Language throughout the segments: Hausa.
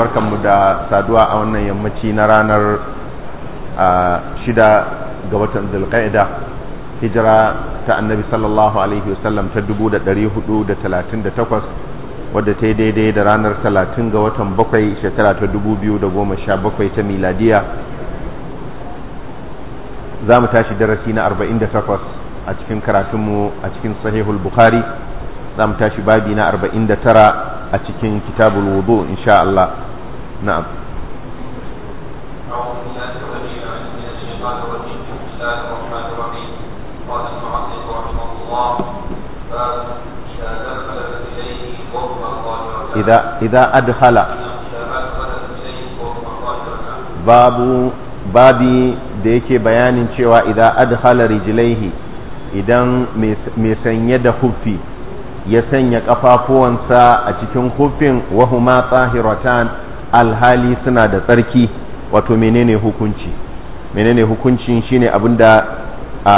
barkanmu da saduwa a wannan yammaci na ranar shida ga watan zulqa'ida hijira ta annabi sallallahu alaihi wasallam ta 438 wadda ta yi daidai da ranar 30 ga watan bakwai shekara ta 2017 ta miladiya za mu tashi darasi na 48 a cikin karatunmu a cikin sahihul bukhari za mu tashi babi na 49 a cikin kitabul wudu insha Allah na'am قال المعلق babu babi da yake bayanin cewa idan adhala rijlaihi idan mai sanye da huffi ya sanya kafafuwansa a cikin huffin wahuma tsahiratan alhali suna da tsarki wato menene hukunci menene hukuncin shine abinda a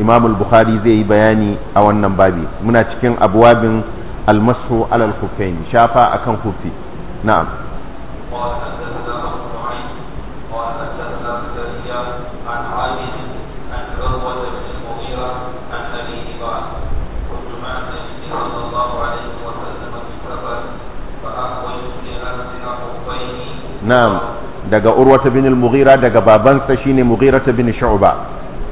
imam bukhari zai yi bayani a wannan babi muna cikin abuwabin almasu alal kufain shafa akan kufi na'am na'am daga urwata bin al-mughira daga babansa shine mughira bin shu'ba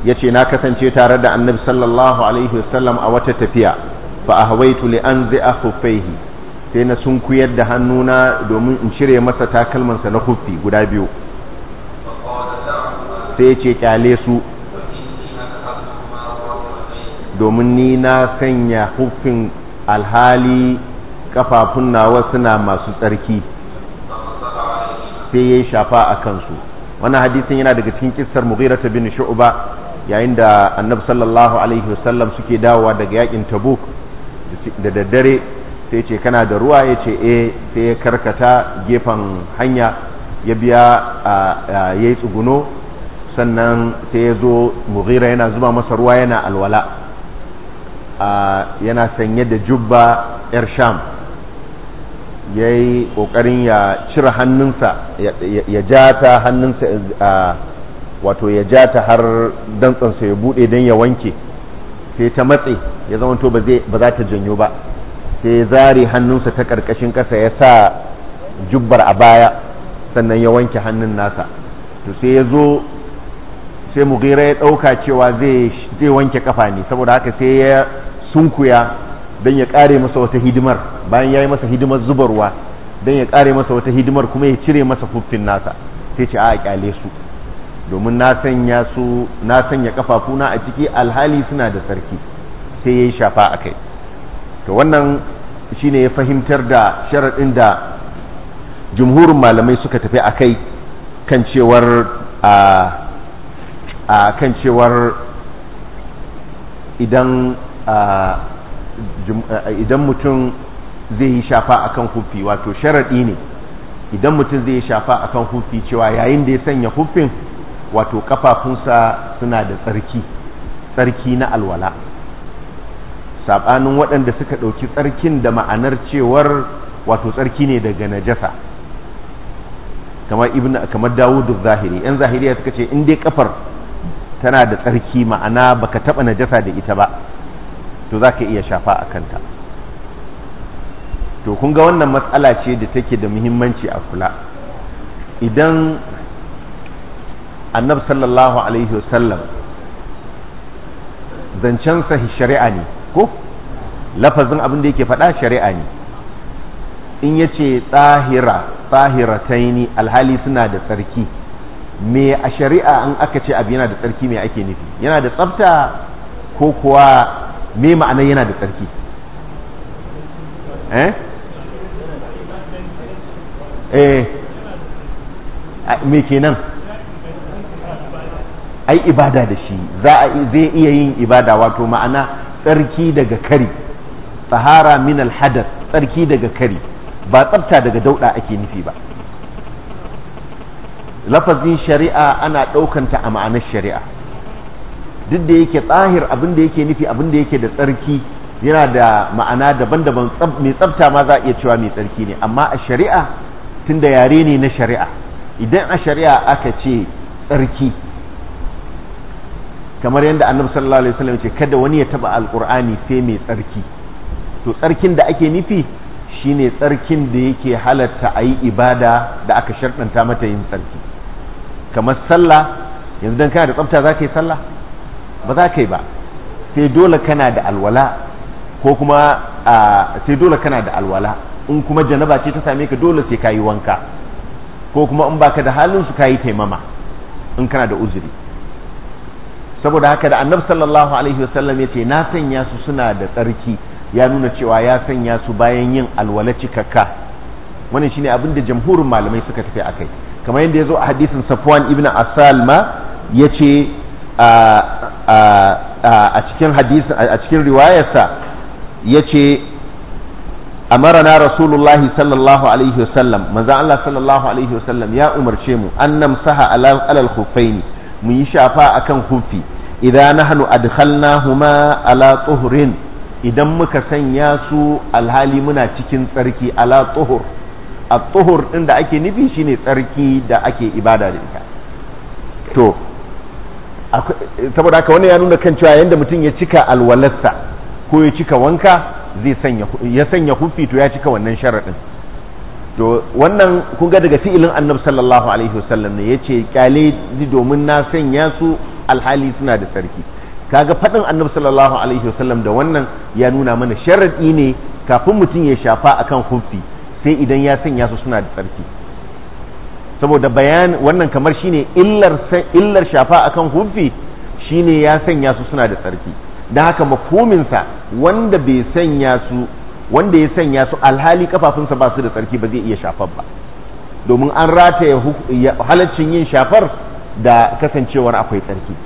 yace na kasance tare da annabi sallallahu alaihi wasallam a wata tafiya fa ahwaitu li anzi'a khuffaihi sai na sunkuyar da hannuna domin in cire masa takalmansa na kuffi guda biyu sai ce kyale su domin ni na sanya huffin alhali kafafun nawa suna masu tsarki sai ya yi shafa a kansu wannan hadisin yana daga cikin kissar mughira bin shu'ba yayin da annabi sallallahu alaihi wasallam suke dawowa daga yakin tabuk da daddare sai ce kana da ruwa ya ce eh sai ya karkata gefen hanya ya biya ya yi tsuguno sannan sai ya zo mughira yana zuba masa ruwa yana alwala yana sanye da jubba yar sham yayi yi ƙoƙarin ya cire hannunsa ya ja ta hannunsa wato ya ja ta har dantsansa ya buɗe dan ya wanke sai ta matse ya zamanto ba za ta janyo ba sai ya zare hannunsa ta ƙarƙashin ƙasa ya sa jubbar a baya sannan ya wanke hannun nasa to sai ya zo sai mugira ya ɗauka cewa zai wanke kafa ne saboda haka sai ya sunkuya don ya kare masa wata hidimar bayan ya yi masa hidimar zubarwa don ya kare masa wata hidimar kuma ya cire masa fuffin nasa sai ce a kyale su domin na sanya su na sanya kafafuna a ciki alhali suna da sarki sai ya yi shafa a kai to wannan shine ya fahimtar da sharaɗin da jumhurin malamai suka tafi a kai kan cewar a kan cewar idan Eh, idan mutum zai yi shafa akan hufi wato sharaɗi ne idan mutum zai yi shafa akan hufi cewa yayin da ya sanya hufin wato kafafunsa suna da tsarki tsarki na alwala saɓanin waɗanda suka ɗauki tsarkin da ma'anar cewar wato tsarki ne daga najasa kamar ibn kamar dawudu zahiri yan zahiriya suka ce in dai kafar tana da tsarki ma'ana baka taɓa najasa da ita ba to za ka iya shafa a kanta to kun ga wannan matsala ce da take da muhimmanci a kula idan annab sallallahu alaihi wasallam zancensa shari'a ne ko lafazin abin da yake faɗa shari'a ne in ya ce tsahira tsahirataini alhali suna da tsarki me a shari'a an aka ce abu yana da tsarki mai ake nufi yana da tsafta ko kuwa me ma'anar yana da tsarki eh eh me kenan ai ibada da shi za a zai iya yin ibada wato ma'ana tsarki daga kari tsahara min alhadar, tsarki daga kari ba tsafta daga dauda ake nufi ba lafazin shari'a ana ɗaukanta a ma'anar shari'a duk da yake tsahir abin da yake nufi abin da yake da tsarki yana da ma'ana daban-daban mai tsafta ma za a iya cewa mai tsarki ne amma a shari'a tun da yare ne na shari'a idan a shari'a aka ce tsarki kamar yadda annabi sallallahu alaihi wasallam ce kada wani ya taba alqur'ani sai mai tsarki to tsarkin da ake nufi shine tsarkin da yake halarta a yi ibada da aka sharɗanta mata yin tsarki kamar sallah yanzu dan kana da tsafta za ka yi sallah ba za ka yi ba sai dole kana da alwala ko kuma sai dole kana da alwala in kuma janaba ce ta same ka dole sai ka yi wanka ko kuma in baka da halin su ka yi taimama in kana da uzuri saboda haka da annabi sallallahu alaihi wasallam ya ce na sanya su suna da tsarki ya nuna cewa ya sanya su bayan yin alwala cikakka wannan shine abin da jamhurin malamai suka tafi akai kamar yadda ya zo a hadisin safwan ibn asalma ma ya ce a cikin hadisi a cikin riwayarsa yace amarana rasulullahi sallallahu alaihi wasallam manzo Allah sallallahu alaihi wasallam ya umarce mu an namsaha ala al-khuffaini mu yi shafa akan hufi idan nahnu adkhalnahuma ala tuhrin idan muka sanya su alhali muna cikin tsarki ala tuhur a tuhur din da ake nufi shine tsarki da ake ibada da ita to saboda haka wannan ya nuna kan cewa yadda mutum ya cika alwalarsa ko ya cika wanka zai ya sanya hufi to ya cika wannan sharaɗin to wannan kun ga daga fi'ilin annabi sallallahu alaihi wasallam ne yace kyale domin na sanya su alhali suna da tsarki kaga fadin annabi sallallahu alaihi wasallam da wannan ya nuna mana sharaɗi ne kafin mutum ya shafa akan hufi sai idan ya sanya su suna da tsarki saboda bayan wannan kamar shine illar illar shafa akan hufi shine ya sanya su suna da tsarki dan haka mafhumin sa wanda bai sanya su wanda ya sanya su alhali kafafunsa ba su da tsarki ba zai iya shafar ba domin an rataye halaccin yin shafar da kasancewar akwai tsarki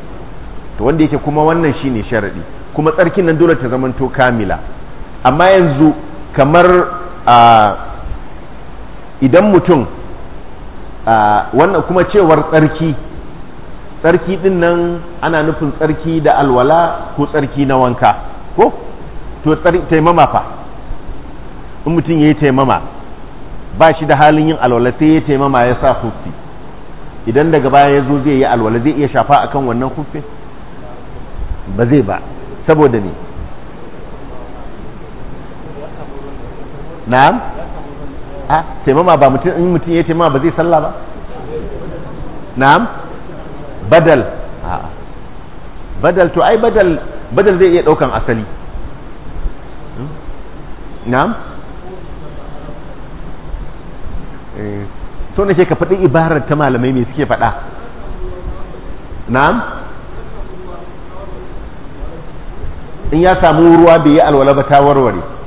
to wanda yake kuma wannan shine sharadi kuma tsarkin nan dole ta zamanto kamila amma yanzu kamar ah, idan mutum wannan kuma cewar tsarki tsarki din nan ana nufin tsarki da alwala ko tsarki na wanka ko to taimama fa in mutum ya yi taimama ba shi da halin yin alwala sai ya taimama ya sa hufi idan daga baya ya zo zai yi alwala zai iya shafa akan wannan hufi? ba zai ba saboda ne na'am a taimama ba mutum in mutum ya taimama ba zai sallah ba na'am badal a badal to ai badal badal zai iya daukan asali hmm? na'am to eh, nake ka faɗi ibarar ta malamai me suke faɗa na'am in ya samu ruwa bai yi alwala ba ta warware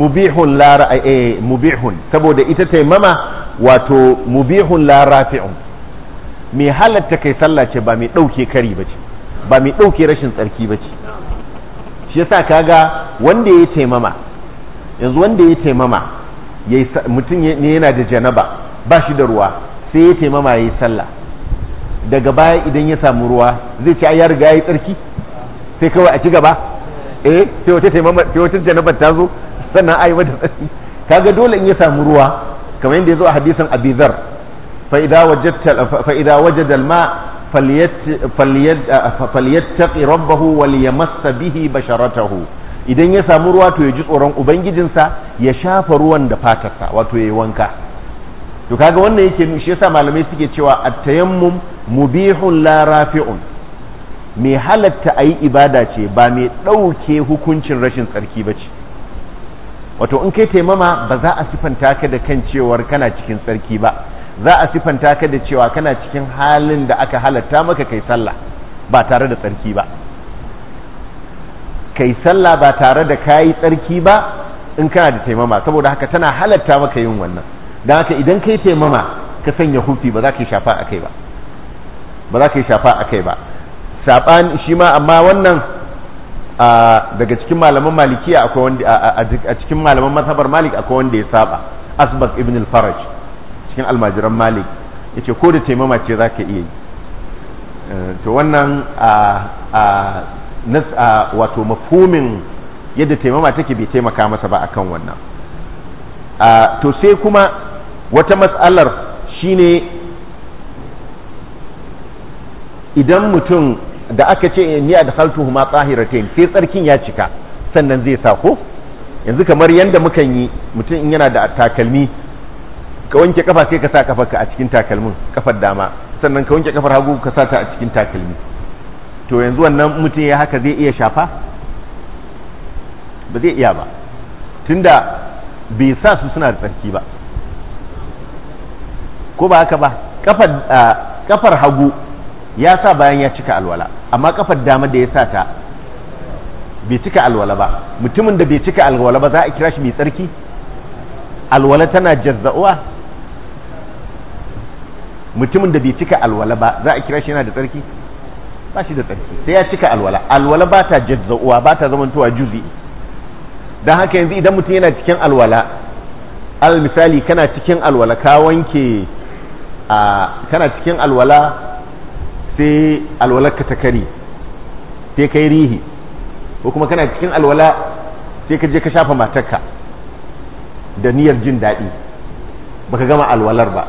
mubihun la ra'a eh, eh, mubihun saboda ita taimama wato mubihun la rafi'un mai halatta kai sallah ce ba mai dauke kari bace ba mai dauke rashin tsarki bace shi yasa kaga wanda ya taimama yanzu wanda ya taimama mutum ne yana da janaba ba shi da ruwa sai ya taimama ya sallah daga baya idan ya samu ruwa zai ci ya riga yayi yi tsarki sai kawai a ci gaba eh sai wata janaba ta zo sannan ai mata tsaki kaga dole in ya samu ruwa kamar yadda ya zo a hadisin abizar fa idza wajada alma falyattaqi rabbahu wal yamassa bihi basharatahu idan ya samu ruwa to ya ji tsoron ubangijinsa ya shafa ruwan da fatarsa wato ya yi wanka to kaga wannan yake shi yasa malamai suke cewa at-tayammum mubihun la rafi'un mai halatta a yi ibada ce ba mai ɗauke hukuncin rashin tsarki ba ce wato in kai taimama ba za a sifanta ka da kan cewar kana cikin tsarki ba za a sifanta ka da cewa kana cikin halin da aka halatta maka kai sallah ba tare da tsarki ba kai sallah ba tare da kayi tsarki ba in kana da taimama saboda haka tana halatta maka yin wannan don haka idan kai taimama ka sanya hufi ba za ka shafa a kai ba ba za ka shafa a kai ba saɓan shi ma amma wannan daga cikin malaman malikiya akwai wanda a cikin malaman mazhabar malik akwai wanda ya saba asbaq ibn al-faraj cikin almajiran malik yace ko da taimama ce zaka iya yi eh, to wannan a nas a wato mafhumin yadda taimama take bai taimaka masa ba akan wannan to sai kuma wata matsalar shine idan mutum da aka ce ni adkhaltuhuma tsahiratain sai tsarkin ya cika sannan zai sa ko yanzu kamar yanda mukan yi mutum in yana da takalmi ka wanke kafa sai ka sa ka a cikin takalmin kafar dama sannan ka wanke kafar hagu ka sa ta a cikin takalmi to yanzu wannan mutum ya haka zai iya shafa ba zai iya ba tunda bai sa su suna da tsarki ba ko ba haka ba kafar ah, hagu ya sa bayan ya cika alwala amma kafar dama da ya sa ta bai cika alwala ba mutumin da bai cika alwala ba za a kira shi mai tsarki alwala tana jazza'uwa mutumin da bai cika alwala ba za a kira shi yana da tsarki ba shi da tsarki sai ya cika alwala alwala ba ta jazza'uwa ba ta zamantowa juzi don haka yanzu idan mutum yana cikin alwala al misali kana cikin alwala ka wanke kana cikin alwala sai alwalarka ta kari sai kai rihi ko kuma kana cikin alwala sai ka je ka shafa matarka da niyyar jin daɗi baka gama alwalar ba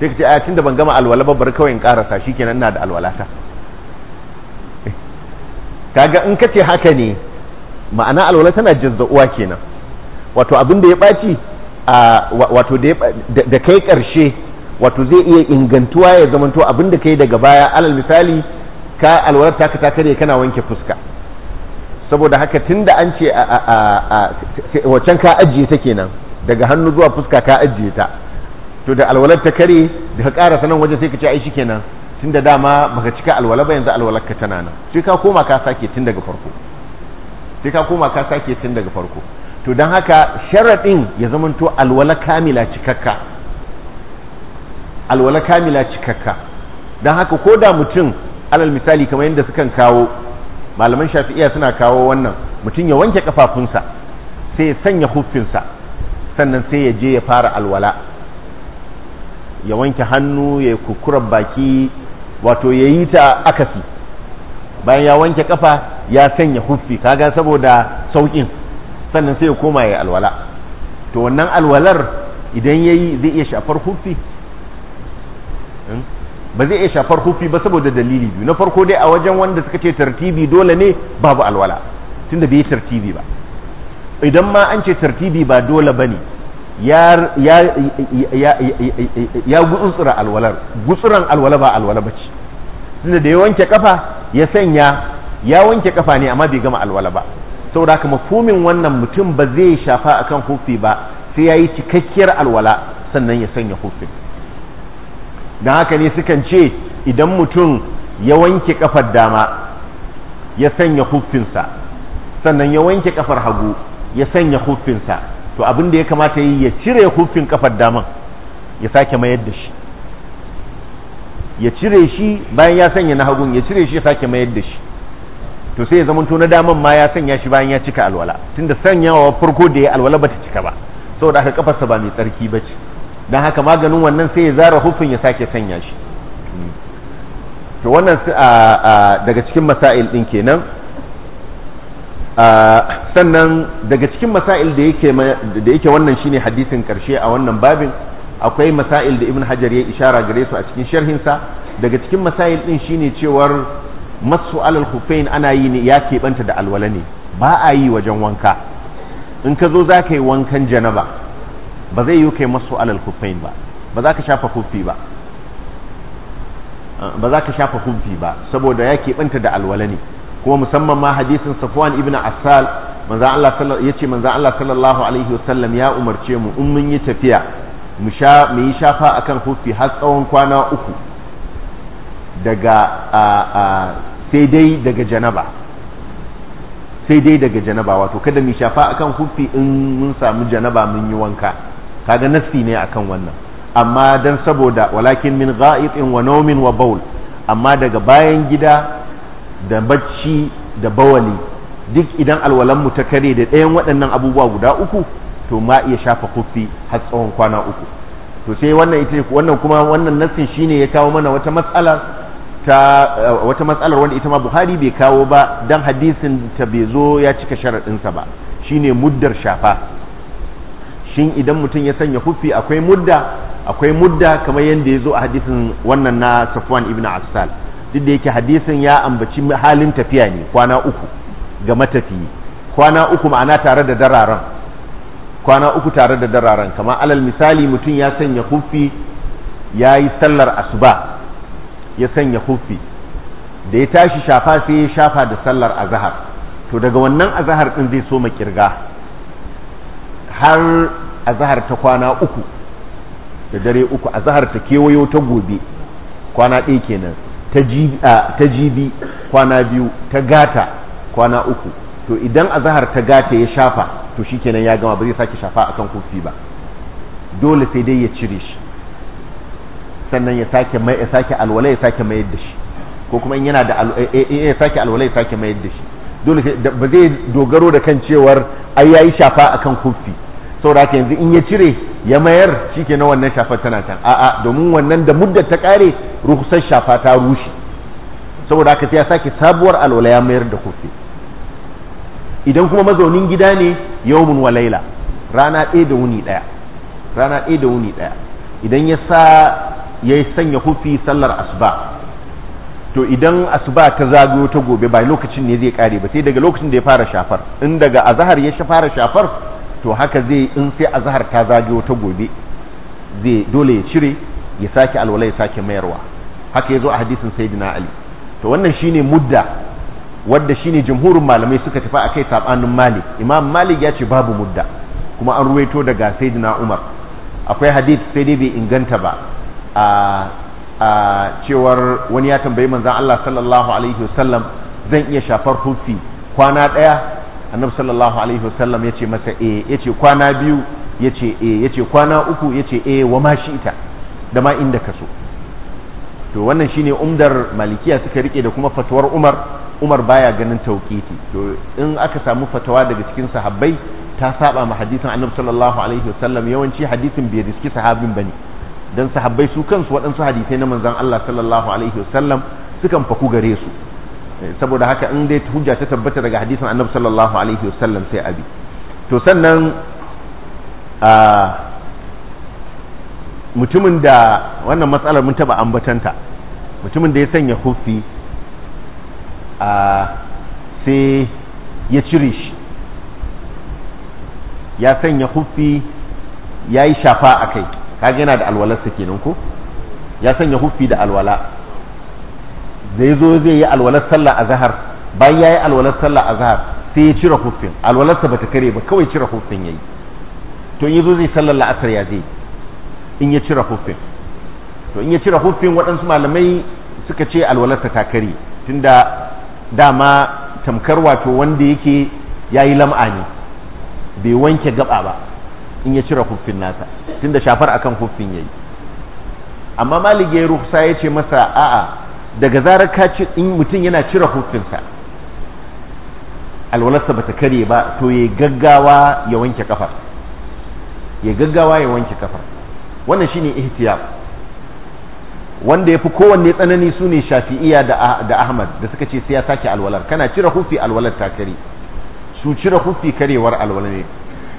sai ka ce a da ban gama alwala ba bari kawai in karasa shikenan na da alwalata kaga in ka ce haka ne ma'ana alwala tana jazza'uwa kenan wato abin da ya ɓaci wato da kai ƙarshe wato zai iya ingantuwa ya to abin da kai daga baya alal misali ka alwarar ta ta kare kana wanke fuska saboda haka tun da an ce a waccan ka ajiye ta kenan daga hannu zuwa fuska ka ajiye ta to da alwalar ta kare da ka ƙara sanan wajen sai ka ce ai shi kenan tun da dama baka cika alwala ba yanzu alwalar ka tana nan sai ka koma ka sake tun daga farko sai ka koma ka sake tun daga farko to don haka sharaɗin ya to alwala kamila cikakka alwala kamila cikakka don haka ko da mutum alal misali kamar yadda sukan kawo malaman shafi'iya suna kawo wannan mutum ya wanke kafafunsa sai ya sanya huffinsa sannan sai ya je ya fara alwala ya wanke hannu ya kukurar baki wato ya yi ta akasi bayan ya wanke kafa ya sanya huffi kaga saboda saukin sannan sai ya koma ya alwala to wannan alwalar idan ya yi zai iya shafar huffi ba zai iya shafar hufi ba saboda dalili biyu na farko dai a wajen wanda suka ce tartibi dole ne babu alwala tunda bai tartibi ba idan ma an ce tartibi ba dole ba ne ya gutsura alwalar gutsuran alwala ba alwala ba ce tunda da ya wanke kafa ya sanya ya wanke kafa ne amma bai gama alwala ba saboda haka fumin wannan mutum ba zai shafa akan hufi ba sai ya yi cikakkiyar alwala sannan ya sanya hufin don haka ne sukan ce idan mutum ya wanke kafar dama ya sanya huffinsa sannan ya wanke kafar hagu ya sanya huffinsa to abin da ya kamata yi ya cire huffin kafar daman ya sake mayar da shi ya cire shi bayan ya sanya na hagun ya cire shi ya sake mayar da shi to sai ya zamanto na daman ma ya sanya shi bayan ya cika alwala tunda sanyawa farko da ya alwala bata cika ba saboda aka kafarsa ba mai tsarki bace don haka maganin wannan sai ya zara hufin ya sake sanya shi hmm. to wannan daga cikin masail ɗin kenan sannan daga cikin masail da yake wannan shine hadisin karshe a wannan babin akwai masail da ibn hajar ya ishara gare su a cikin sharhinsa daga cikin masail ɗin shine cewar masu alal hufain ana yi ne ya keɓanta da alwala ne ba a yi wajen wanka in ka zo za ka yi wankan janaba ba zai yi kai masu alal kufain ba ba za ka shafa kufi ba ah, ba za ka shafa kufi ba saboda ya keɓanta da alwala ne kuma musamman ma hadisin safwan ibn asal manzan Allah ya ce manzan Allah sallallahu alaihi wasallam ya umarce mu in mun yi tafiya mu yi shafa akan kufi har tsawon kwana uku daga sai dai daga janaba sai dai daga janaba wato kada mu shafa akan kufi in mun samu janaba mun yi wanka kaga nasfi ne akan wannan amma dan saboda walakin min gha'itin wa nawmin wa bawl amma daga bayan gida da bacci da bawali duk idan alwalan mu ta kare da ɗayan waɗannan abubuwa guda uku to ma iya shafa kuffi har tsawon kwana uku to sai wannan ita wannan kuma wannan nassin shine ya kawo mana wata matsala ta uh, wata matsalar wanda ita ma Buhari bai kawo ba dan hadisin ta bai zo ya cika sharaɗinsa ba shine muddar shafa shin idan mutum ya sanya hufi akwai mudda akwai mudda kamar yadda ya zo a hadisin wannan na safwan ibn asal duk da yake hadisin ya ambaci halin tafiya ne kwana uku ga matafiyi kwana uku ma'ana tare da dararan kwana uku tare da dararan kamar alal misali mutum ya sanya hufi ya yi sallar asuba ya sanya hufi da ya tashi shafa sai ya shafa da sallar azahar to daga wannan azahar ɗin zai so ma kirga har azahar ta kwana uku da dare uku azahar ta kewayo ta gobe kwana ɗaya kenan ta jibi kwana biyu ta gata kwana uku to idan azahar ta gata ya shafa to shikenan ya gama ba zai sake shafa akan kofi ba dole sai dai ya cire shi sannan ya sake mai ya sake alwala ya sake mayar da shi ko kuma in yana da eh, eh, eh, ya sake alwala ya sake mayar da shi dole ba zai dogaro da kan cewar ai yayi shafa akan kofi saboda haka yanzu in ya cire ya mayar shi ke na wannan shafar tana can a'a domin wannan da muddar ta kare ruhsar shafa ta rushe saboda haka sai ya sake sabuwar alwala ya mayar da kofi idan kuma mazaunin gida ne yawmun wa laila rana ɗaya da wuni ɗaya rana ɗaya da wuni ɗaya idan ya sa ya sanya hufi sallar asuba to idan asuba ta zagayo ta gobe ba lokacin ne zai kare ba sai daga lokacin da ya fara shafar in daga azahar ya fara shafar to haka zai in sai azhar ta zagayo ta gobe zai dole ya cire ya sake alwala ya sake mayarwa haka yazo a hadisin sayyidina ali to wannan shine mudda wadda shine jumhurin malamai suka tafi a kai sabanin malik imam malik ya ce babu mudda kuma an ruwaito daga sayyidina umar akwai hadisi sai dai bai inganta ba a a cewar wani ya tambayi manzon Allah sallallahu alaihi wasallam zan iya shafar hufi kwana daya annabi sallallahu alaihi wasallam ce masa eh yace kwana biyu yace eh yace kwana uku yace eh wa ma ita da ma inda ka so to wannan shine umdar malikiya suka rike da kuma fatuwar umar umar baya ganin tauqiti to in aka samu fatawa daga cikin sahabbai ta saba ma hadisin annabi sallallahu alaihi wasallam yawanci hadisin bai riski sahabin bane dan sahabbai su kansu waɗansu hadisai na manzon Allah sallallahu alaihi wasallam sukan faku gare su Eh, saboda haka in dai hujja ta tabbata daga hadisin annabi sallallahu alaihi wasallam sai abi to sannan a mutumin da wannan matsalar mun taba ambatanta mutumin da ya sanya hufi a sai ya cire shi ya sanya hufi ya yi shafa a kai kaga yana da alwalarsa kenan ko ya sanya hufi da alwala zai zo zai yi alwalar sallah a zahar bayan ya yi alwalar sallah a zahar sai ya cire hufin alwalarsa ba ta kare ba kawai cire hufin ya yi to in ya zo zai sallar la'asar ya zai in ya cire hufin to in ya cire hufin waɗansu malamai suka ce alwalarsa ta kare tunda dama tamkar wato wanda yake ya yi lam'a ne bai wanke gaba ba in ya cire hufin nasa tunda shafar akan hufin ya yi amma malige ruhsa ya ce masa a'a daga zarar ka ci in mutum yana cire hutunsa alwalarsa ta kare ba to ya gaggawa ya wanke kafar ya gaggawa ya wanke kafar wannan shine ihtiyab wanda ya fi kowanne tsanani su ne shafi'iya da ahmad da suka ce sai ya sake alwalar kana cire hufi alwalar ta kare su cire hufi karewar alwala ne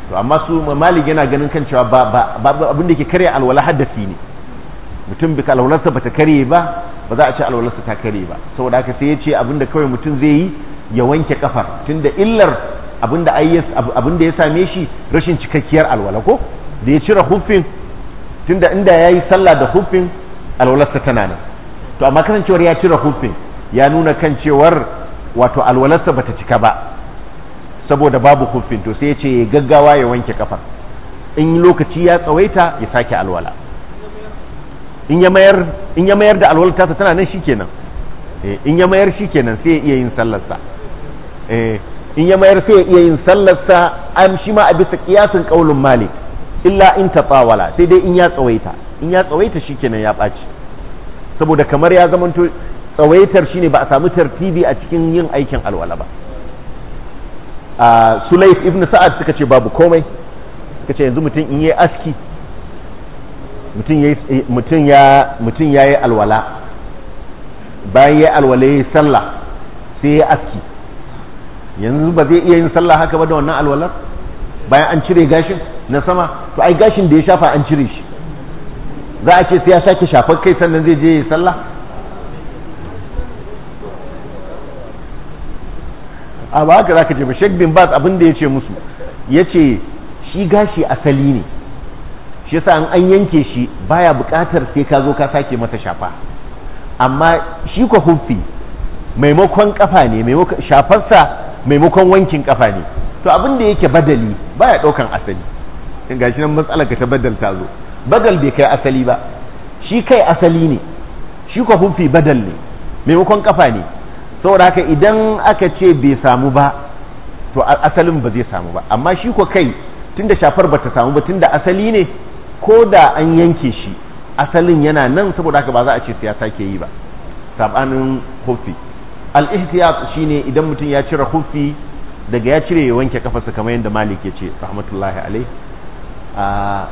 to amma su malik yana ganin kan cewa ba abin da ke kare alwala haddasi ne mutum bi alwalarsa ta kare ba ba za a ce alwalarsa ta kare ba saboda haka sai ya ce abinda kawai mutum zai yi ya wanke kafar tunda illar abinda abinda ya same shi rashin cikakkiyar alwala ko da ya cire huffin tunda inda ya sallah da huffin alwalarsa tana nan to amma kasancewar ya cire huffin ya nuna kan cewar wato alwalarsa bata cika ba saboda babu huffin to sai ya ce gaggawa ya wanke kafar in lokaci ya tsawaita ya sake alwala in ya mayar in ya mayar da alwalar tasa tana nan shikenan eh, in ya mayar shikenan sai ya iya yin sallarsa eh, in ya mayar sai ya iya yin sallarsa am shi ma a bisa kiyasin kaulin malik illa in tafawala sai dai in ya tsawaita in ya tsawaita shikenan ya ɓaci saboda kamar ya to tsawaitar shine ba a samu tartibi a cikin yin aikin alwala ba a ah, sulayf ibn sa'ad suka ce babu komai suka ce yanzu mutum in yi aski mutum ya yi alwala bayan ya yi alwala ya yi sallah sai ya aski yanzu ba zai iya yin sallah haka ba da wannan alwalar bayan an cire gashin na sama to ai gashin da ya shafa an cire shi za a ce sai ya sake shafar kai sannan zai je ya yi sallah a ba haka za ka ce ba shek bin bas abin da ya ce musu ya ce shi gashi asali ne shi yasa an an yanke shi baya buƙatar sai ka zo ka sake mata shafa amma shi ko huffi maimakon kafa ne maimakon shafarsa maimakon wankin kafa ne to abin da yake badali baya ɗaukan asali in gashi nan matsalar ka ta badal ta zo badal bai kai asali ba shi kai asali ne shi ko huffi badal ne maimakon kafa ne saboda haka idan aka ce bai samu ba to asalin ba zai samu ba amma shi ko kai tunda shafar bata samu ba tunda asali ne ko da an yanke shi asalin yana nan saboda haka ba za a ce siyasa ke yi ba sabanin hufi al-ihtiyat shine idan mutum ya cire hufi daga ya cire ya wanke kafarsa kamar yadda malik ya ce rahmatullahi alaihi ah,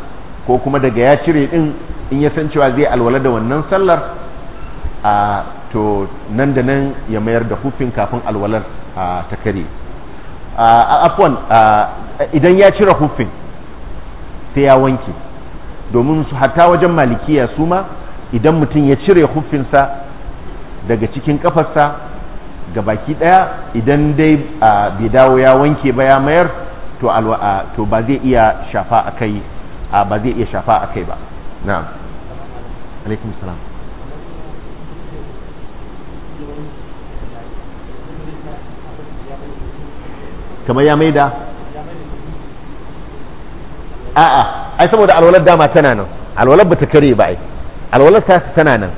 ko kuma daga ya cire din in ya san cewa zai alwala da wannan sallar a ah, to nan da nan ya mayar da hufin kafin alwalar ah, ta kare afwan idan ya cire hufin sai ya wanke domin su hatta wajen malikiya su ma idan mutum ya cire huffinsa daga cikin kafarsa ga baki daya idan dai bai dawo ya wanke ba ya mayar to ba zai iya shafa akai ba zai iya shafa kai ba na'am alaikum salam kamar ya maida a'a ai saboda alwalar dama tana nan alwalar bata kare ba ai alwalar ta tana nan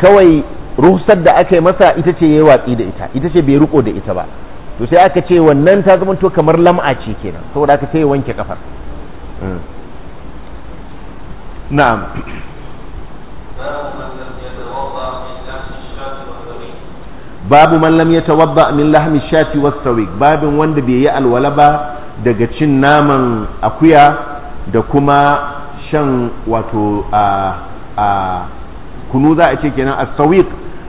kawai ruhsar da aka yi masa ita ce yayi watsi da ita ita ce bai riko da ita ba to sai aka ce wannan ta zama to kamar lam'a ce kenan saboda aka sai wanke kafar hmm. na'am babu man lam yatawadda min lahmi shati was babin wanda bai yi alwala ba daga cin naman akuya da kuma shan wato a kunu za a ce kenan a sawiq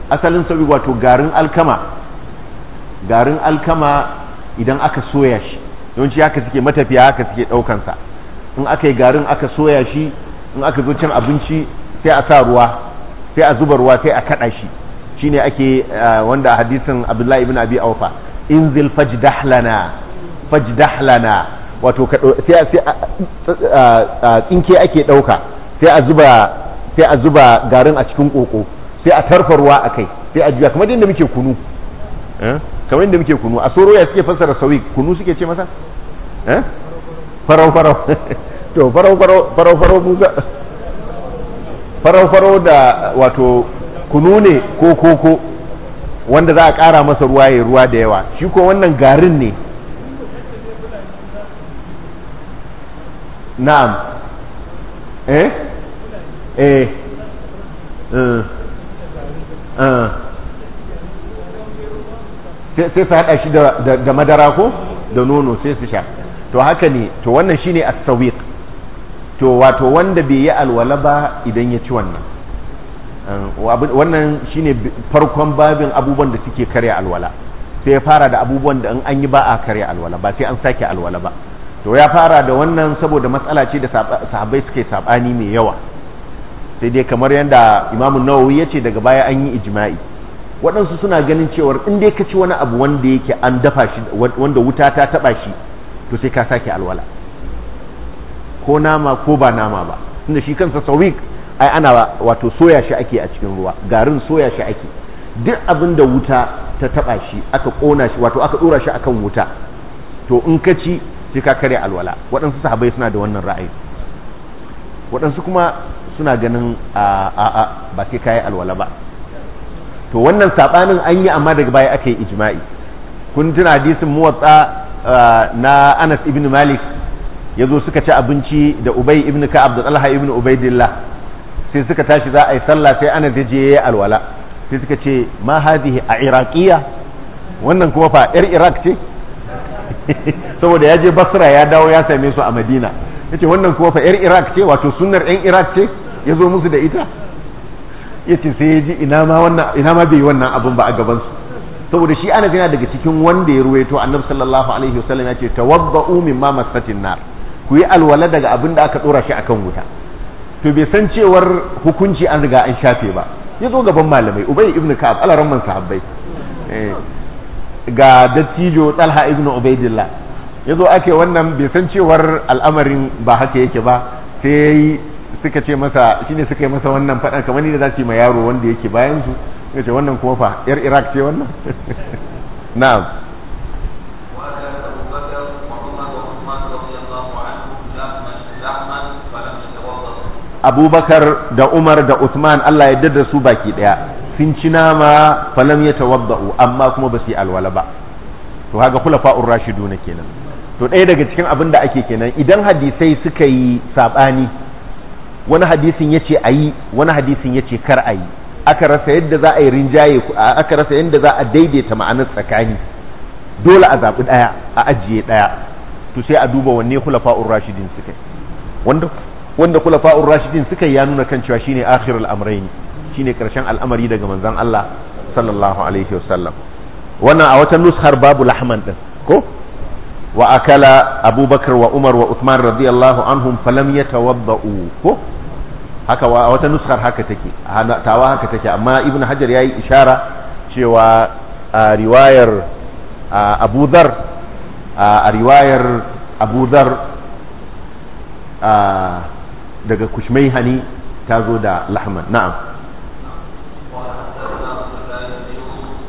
asalin sawiq wato garin alkama garin alkama idan aka soya shi don haka suke matafiya haka suke ɗaukansa in aka yi garin aka soya shi in aka zo cin abinci sai a sa ruwa sai a zuba ruwa sai a kaɗa shi shine ake wanda a hadisin abdullahi ibn abi aufa inzil fajdahlana fajdahlana wato sai a tsinke ake ɗauka sai a zuba sai a zuba garin a cikin ƙoƙo sai a tarfa ruwa a kai sai a juya kamar yadda muke kunu eh? kamar yadda muke kunu a soro ya suke fassara sauyi kunu suke ce masa eh? farau farau to farau farau farau farau da wato kunu ne ko koko wanda za a ƙara masa ruwa ya ruwa da yawa shi ko wannan garin ne na'am eh eh, eh. eh. sai su haɗa shi da madara ko da nono sai su sha to haka ne to wannan shine as-sawiq to wato wanda bai yi alwala ba idan ya ci wannan eh, wannan shine farkon babin abubuwan da suke karya alwala sai ya fara da abubuwan da in an yi ba a karya alwala ba sai an sake alwala ba to ya fara da wannan saboda matsala ce da sahabbai suke sabani mai yawa sai dai kamar yadda imamu nawawi ya ce daga baya an yi ijma'i waɗansu suna ganin cewar in dai ka ci wani abu wanda yake an dafa shi wanda wuta ta taɓa shi to sai ka sake alwala ko nama ko ba nama ba tunda shi kansa sawik ai ana wato soya shi ake a cikin ruwa garin soya shi ake duk abin da wuta ta taɓa shi aka ƙona shi wato aka ɗora shi akan wuta to in ka ci sai ka kare alwala waɗansu sahabai suna da wannan ra'ayi waɗansu kuma suna ganin a a ba sai kayi alwala ba to wannan saɓanin an yi amma daga baya aka yi ijma'i kun tuna hadisin muwatsa na Anas ibn Malik ya zo suka ci abinci da ubai ibn Ka'ab da Talha ibn Ubaidillah sai suka tashi za a yi sallah sai Anas ya je alwala sai suka ce ma hadihi a irakiya wannan kuma fa yar Iraq ce saboda ya je basra ya dawo ya same su a madina yace wannan kuma fa yar iraq ce wato sunar yan iraq ce ya zo musu da ita yace sai ya ji ina ma bai yi wannan abun ba a gabansu saboda shi ana yana daga cikin wanda ya ruwaito annabi sallallahu alaihi wasallam yace tawabba'u ma masatin nar ku yi alwala daga abin da aka dora shi akan wuta to bai san cewar hukunci an riga an shafe ba ya zo gaban malamai ubai ibnu ka'ab alaran man sahabbai eh. ga dattijo talha ibn ubaidillah ya zo ake wannan bai san cewar al'amarin ba haka yake ba sai suka ce masa shine suka yi masa wannan faɗan kamar ni da za su yi ma yaro wanda yake bayan su suka ce wannan kuma fa yar iraq ce wannan na'am abubakar da umar da Uthman allah ya da su baki daya sun ci nama falam ya tawadda'u amma kuma ba su yi alwala ba to haka kula fa'ur rashidu na kenan to ɗaya daga cikin abin da ake kenan idan hadisai suka yi saɓani wani hadisin ya ce a yi wani hadisin ya ce kar a yi aka rasa yadda za a yi rinjaye aka rasa yadda za a daidaita ma'anar tsakani dole a zaɓi ɗaya a ajiye ɗaya to sai a duba wanne kula fa'ur rashidin suka yi wanda kula fa'ur rashidin suka yi ya nuna kan cewa shine akhirul amrayni shine karshen al'amari daga manzan Allah sallallahu alaihi wasallam wannan a wata nushar babu lahman din ko wa akala abubakar wa umar wa uthman radiyallahu anhum falam yatawadda'u ko haka wa wata nushar haka take tawa haka take amma ibnu hajar yayi ishara cewa a riwayar abu dhar a riwayar abu dhar daga kushmaihani ta zo da lahman na'am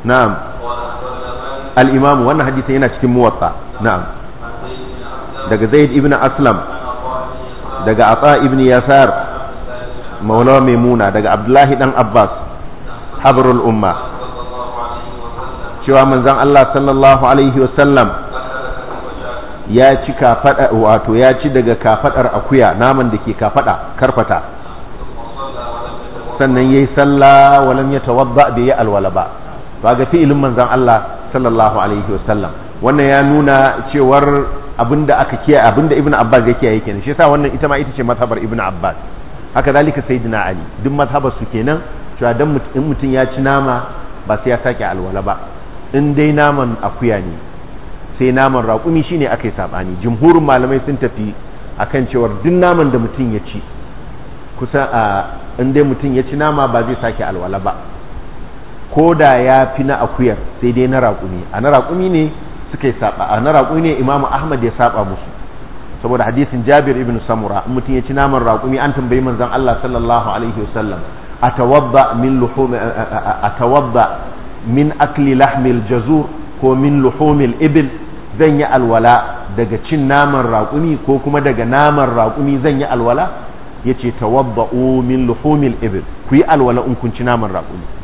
na'am al-imam wannan hadisi yana cikin muwatta na'am daga zaid ibn aslam daga atsa ibn yasar maula maimuna daga abdullahi dan abbas habrul umma cewa manzon Allah sallallahu alaihi sallam ya ci kafada wato ya ci daga kafadar akuya naman da ke kafada karfata sannan yayi sallah walam yatawadda bi alwala ba kaga fi'ilin manzon Allah sallallahu alaihi wasallam wannan ya nuna cewar abinda aka kiyaye abinda ibnu abbas ya kiyaye ne shi yasa wannan ita ma ita ce mazhabar ibnu abbas haka zalika sayyidina ali duk mazhabar su kenan cewa dan in mutum ya ci nama ba sai ya sake alwala ba in dai naman akuya ne sai naman raƙumi shine aka sabani jumhurin malamai sun tafi akan cewar duk naman da mutum ya ci kusa in dai mutum ya ci nama ba zai sake alwala ba ko da ya fi na akuyar sai dai na raƙumi a na raƙumi ne suka yi saba a na raƙumi ne imamu ahmad ya saɓa musu saboda hadisin jabir ibn samura in mutum ya ci naman raƙumi an tambayi manzon allah sallallahu alaihi wasallam sallam. min luhum min akli lahmil jazur ko min luhumil ibil zan yi alwala daga cin naman raƙumi ko kuma daga naman raƙumi zan yi alwala yace tawabba'u min luhumil ibil ku yi alwala in kun ci naman raƙumi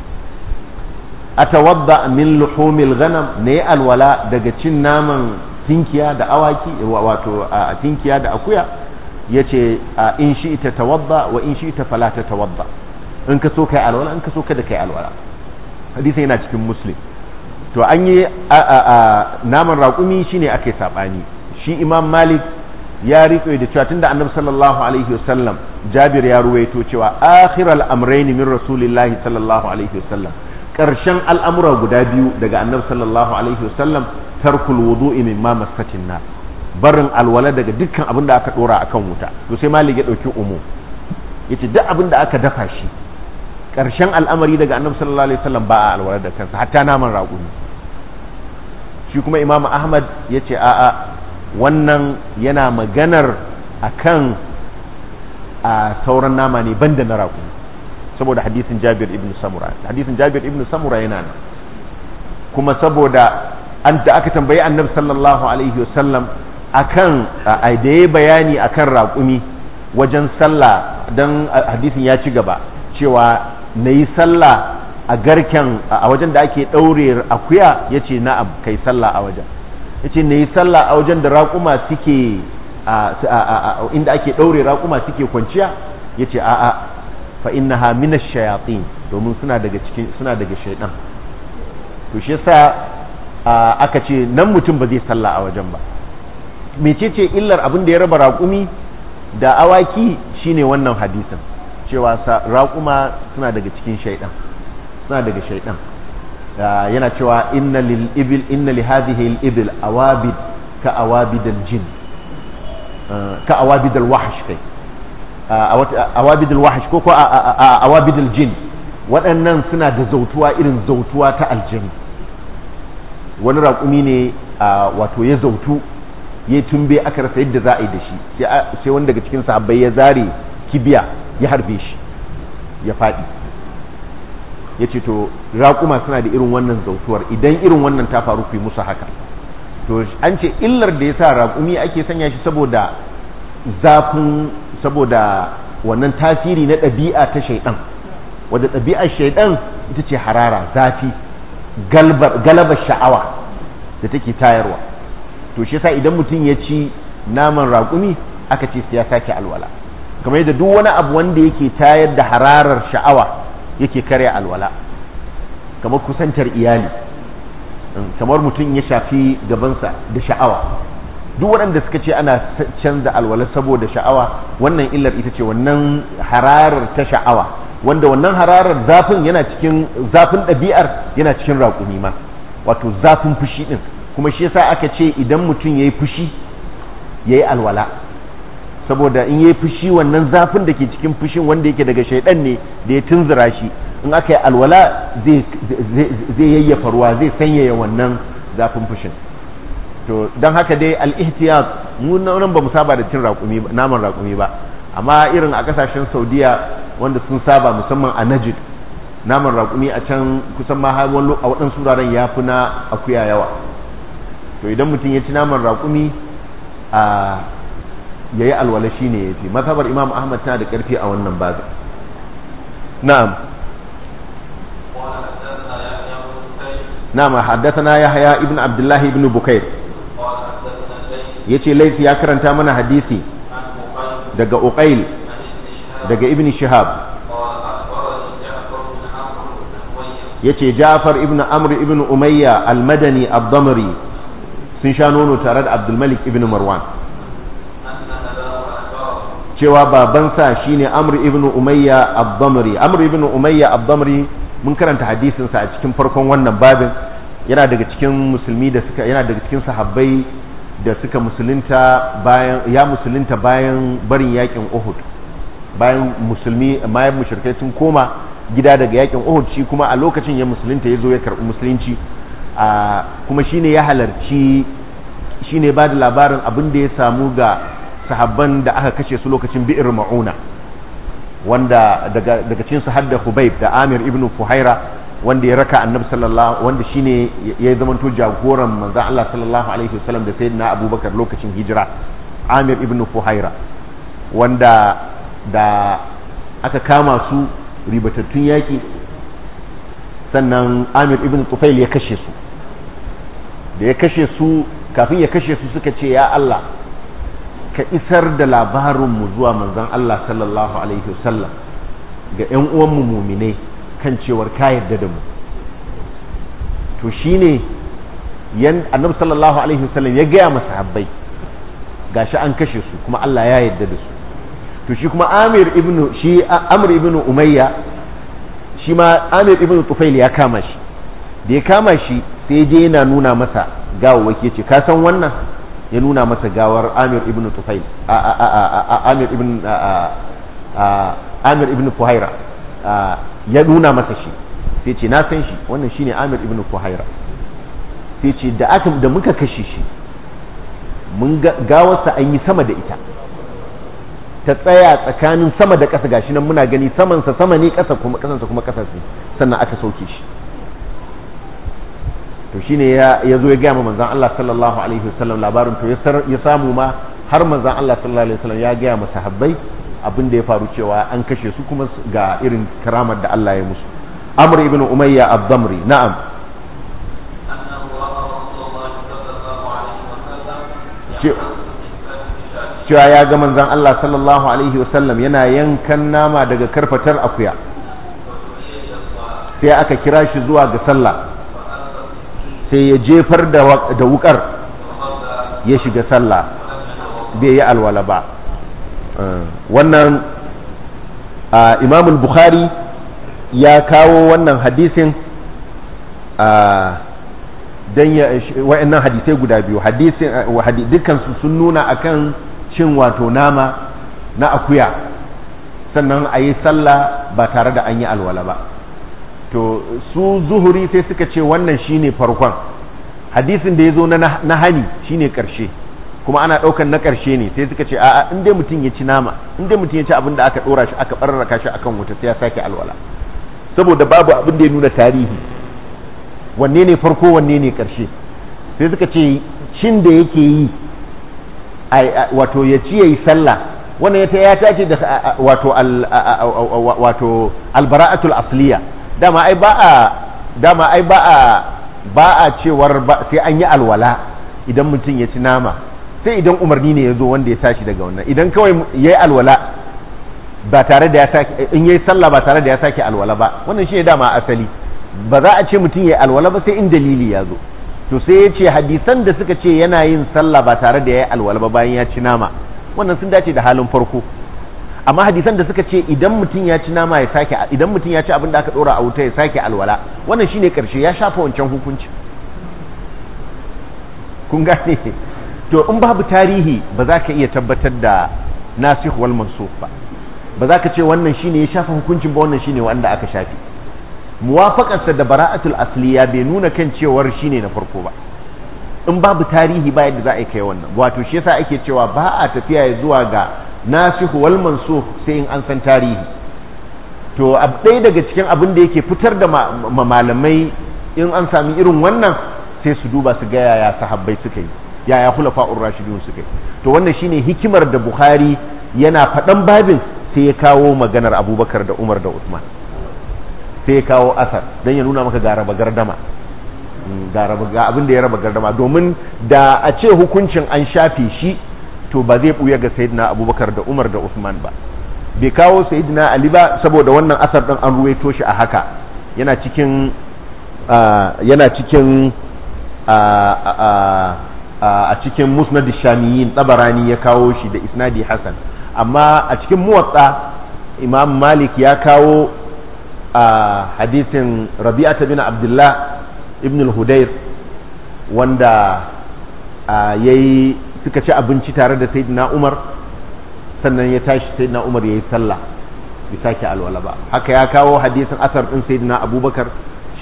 atawadda min luhumil ghanam ne alwala daga cin naman tinkiya da awaki wato a tinkiya da akuya yace in shi ta tawadda wa in shi ta fala ta tawadda in ka so kai alwala in ka so kada kai alwala hadisi yana cikin muslim to an yi naman raƙumi shine ake sabani shi imam malik ya riƙe da cewa tunda annabi sallallahu alaihi wasallam jabir ya ruwaito cewa akhiral amrayn min rasulillahi sallallahu alaihi wasallam ƙarshen al'amura guda biyu daga annabi sallallahu alaihi wasallam tarkul min ma masatin na barin alwala daga dukkan abin da aka dora akan wuta to sai malik ya dauki umu yace duk abin da aka dafa shi ƙarshen al'amari daga annabi sallallahu alaihi wasallam ba a alwala da kansa hatta naman raƙumi shi kuma imamu ahmad ce a'a wannan yana maganar akan a sauran nama ne banda na raƙumi saboda hadisin jabir ibn samura hadisin jabir ibn samura yana nan kuma saboda an da aka tambayi annabi sallallahu alaihi wasallam akan da ya bayani akan raƙumi wajen sallah don hadisin ya ci gaba cewa na yi sallah a garken a wajen da ake ɗaure akuya ya ce na'am kai sallah a wajen ya ce na yi sallah a wajen da raƙuma suke inda ake ɗaure raƙuma suke kwanciya ya ce a'a fa innaha min domin suna daga cikin suna daga shaydan to shi yasa aka ce nan mutum ba zai salla a wajen ba mecece illar abin da ya raba raƙumi da awaki shine wannan hadisin cewa raƙuma suna daga cikin shaydan suna daga shaydan yana cewa inna lil ibil inna li hadhihi al ibil awabid ka awabid jin ka awabid al wahsh kai awabidul wahash ko ko awabidul jin waɗannan suna da zautuwa irin zautuwa ta aljin wani raƙumi ne wato ya zautu ya tumbe aka rasa yadda za a yi da shi sai wani daga cikin sahabbai ya zare kibiya ya harbe shi ya faɗi ya ce to raƙuma suna da irin wannan zautuwar idan irin wannan ta faru ku musu haka to an ce illar da ya sa raƙumi ake sanya shi saboda zafin saboda wannan tasiri na ɗabi'a ta shaidan wadda ɗabi'ar shaidan ita ce harara zafi galabar sha'awa da take tayarwa to shi yasa idan mutum ya ci naman raƙumi aka ce ya sake alwala kamar yadda duk wani abu wanda yake tayar da hararar sha'awa yake karya alwala kamar kusantar iyali kamar mutum ya shafi gabansa da sha'awa duk waɗanda suka ce ana canza alwala saboda sha'awa wannan illar ita ce wannan hararar ta sha'awa wanda wannan hararar zafin yana cikin zafin ɗabi'ar yana cikin raƙumi ma wato zafin fushi ɗin kuma shi yasa aka ce idan mutum ya yi fushi ya yi alwala saboda in ya yi fushi wannan zafin da ke cikin fushin wanda yake daga shaidan ne da ya tunzura shi in aka yi alwala zai yayyafa ruwa zai sanyaya wannan zafin fushin to don haka dai al mu nan ba mu saba da cin raƙumi naman raƙumi ba amma irin a kasashen saudiya wanda sun saba musamman a najid naman raƙumi a can kusan ma a waɗansu wuraren ya fi na akuya yawa to idan mutum ya ci naman raƙumi a ya yi alwala shi ne ya fi mazhabar imam ahmad tana da ƙarfi a wannan bazin na'am نعم حدثنا يحيى ابن عبد الله ابن بكير yace laifi ya karanta mana hadisi daga uqail daga ibn shihab ce ja'far ibn amr ibn umayya al-madani sun sha nono tare da abdulmalik ibn marwan cewa babansa shine amr ibn umayya ad-damri amr ibn umayya ad mun karanta hadisinsa a cikin farkon wannan babin yana daga cikin musulmi da suka yana daga cikin sahabbai da suka musulunta bayan ya musulunta bayan barin yakin Uhud bayan musulmi bayan mushrikai sun koma gida daga yakin Uhud shi kuma a lokacin ya musulunta ya zo ya karbi musulunci a kuma shine ya halarci shine ba da labarin abin da ya samu ga sahabban da aka kashe su lokacin bi'ir ma'una wanda daga cikin su hadda Hubayb da Amir ibn Fuhaira wanda ya raka annabi sallallahu wanda shine ya zamanto jagoran manzon Allah sallallahu alaihi wasallam da sayyidina Abubakar lokacin hijira Amir ibn Fuhaira wanda da aka kama su ribatattun yaki sannan Amir ibn Tufail ya kashe su da ya kashe su kafin ya kashe su suka ce ya Allah ka isar da labarinmu zuwa manzon Allah sallallahu alaihi wasallam ga 'yan uwanmu muminai kan cewar ka yadda da mu to shine yan annabi sallallahu alaihi wasallam ya gaya masa habbai gashi an kashe su kuma Allah ya yarda da su to shi kuma Amir ibn shi Amr ibn Umayya shi ma Amir ibn Tufail ya kama shi da ya kama shi sai ya je yana nuna masa gawawaki ce, ka san wannan ya nuna masa gawar Amir ibn Tufail a a a Amir ibn a Amir ibn Fuhaira ya nuna masa shi sai ce na san shi wannan shine Amir ibn Kuhaira sai ce da aka da muka kashe shi mun gawarsa an yi sama da ita ta tsaya tsakanin sama da ƙasa gashi nan muna gani samansa sama ne ƙasa kuma ƙasansa kuma ƙasa ne sannan aka sauke shi to shine ya ya zo ya gaya ma manzon Allah sallallahu alaihi wasallam labarin to ya samu ma har manzon Allah sallallahu alaihi wasallam ya gaya ma sahabbai abin da ya faru cewa an kashe su kuma ga irin karamar da Allah ya musu amr ibn umayya az na'am cewa ya ga manzon Allah sallallahu alaihi wasallam yana yankan nama daga karfatar akuya sai aka kira shi zuwa ga sallah sai ya jefar da wukar ya shiga sallah bai yi alwala ba wannan imamul bukhari ya kawo wannan hadisin don wa'annan hadisai guda biyu su sun nuna akan cin wato nama na akuya sannan ayi sallah ba tare da an yi alwala ba to su zuhuri sai suka ce wannan shine farkon hadisin da ya zo na hani shine karshe kuma ana ɗaukan na ƙarshe ne sai suka ce a'a in dai mutum ya ci nama in dai mutum ya ci abin da aka ɗora shi aka ɓararraka shi akan wuta sai ya sake alwala saboda babu abin da ya nuna tarihi wanne ne farko wanne ne ƙarshe sai suka ce cin da yake yi wato ya ci ya yi sallah wannan ya ya tace da wato wato albara'atul asliya dama ai ba a dama ai ba a ba a cewar sai an yi alwala idan mutum ya ci nama sai idan umarni ne ya zo wanda ya tashi daga wannan idan kawai ya yi alwala ba tare da ya sake in ya yi sallah ba tare da ya sake alwala ba wannan shi ne dama asali ba za a ce mutum ya yi alwala ba sai in dalili ya zo to sai ya ce hadisan da suka ce yana yin sallah ba tare da ya yi alwala ba bayan ya ci nama wannan sun dace da halin farko amma hadisan da suka ce idan mutum ya ci nama ya sake idan mutum ya ci abin da aka dora a wuta ya sake alwala wannan shine karshe ya shafa wancan hukunci kun gane to in babu tarihi ba za ka iya tabbatar da nasikh wal mansukh ba ba za ka ce wannan shine ya shafa hukuncin ba wannan shine wanda aka shafi muwafaqarsa da bara'atul asliya bai nuna kan cewar shine na farko ba in babu tarihi ba yadda za a kai wannan wato shi yasa ake cewa ba a tafiya zuwa ga nasikh wal mansukh sai in an san tarihi to ɗaya daga cikin abin da yake fitar da malamai in an sami irin wannan sai su duba su ga yaya sahabbai suka yi yaya hulafa'ur rashidun suka to wannan shine hikimar da bukhari yana faɗan babin sai ya kawo maganar abubakar da umar da usman sai ya kawo asar don ya nuna maka ga gardama mm, abin da ya raba gardama domin da a ce hukuncin an shafe shi to ba zai buya ga sayidina abubakar da umar da usman ba bai kawo sayidina ali ba saboda wannan asar ɗin an ruwaito shi a haka yana cikin uh, yana cikin uh, uh, a cikin musnad shamiyin tabarani ya kawo shi da isnadi hasan amma a cikin muwatsa imam malik ya kawo a hadisin rabi'ata bin abdullah ibn al-hudayr wanda yayi suka ci abinci tare da sayyidina umar sannan ya tashi sayyidina umar ya yi sallah bisa sake alwala haka ya kawo hadisin asar din sayyidina abubakar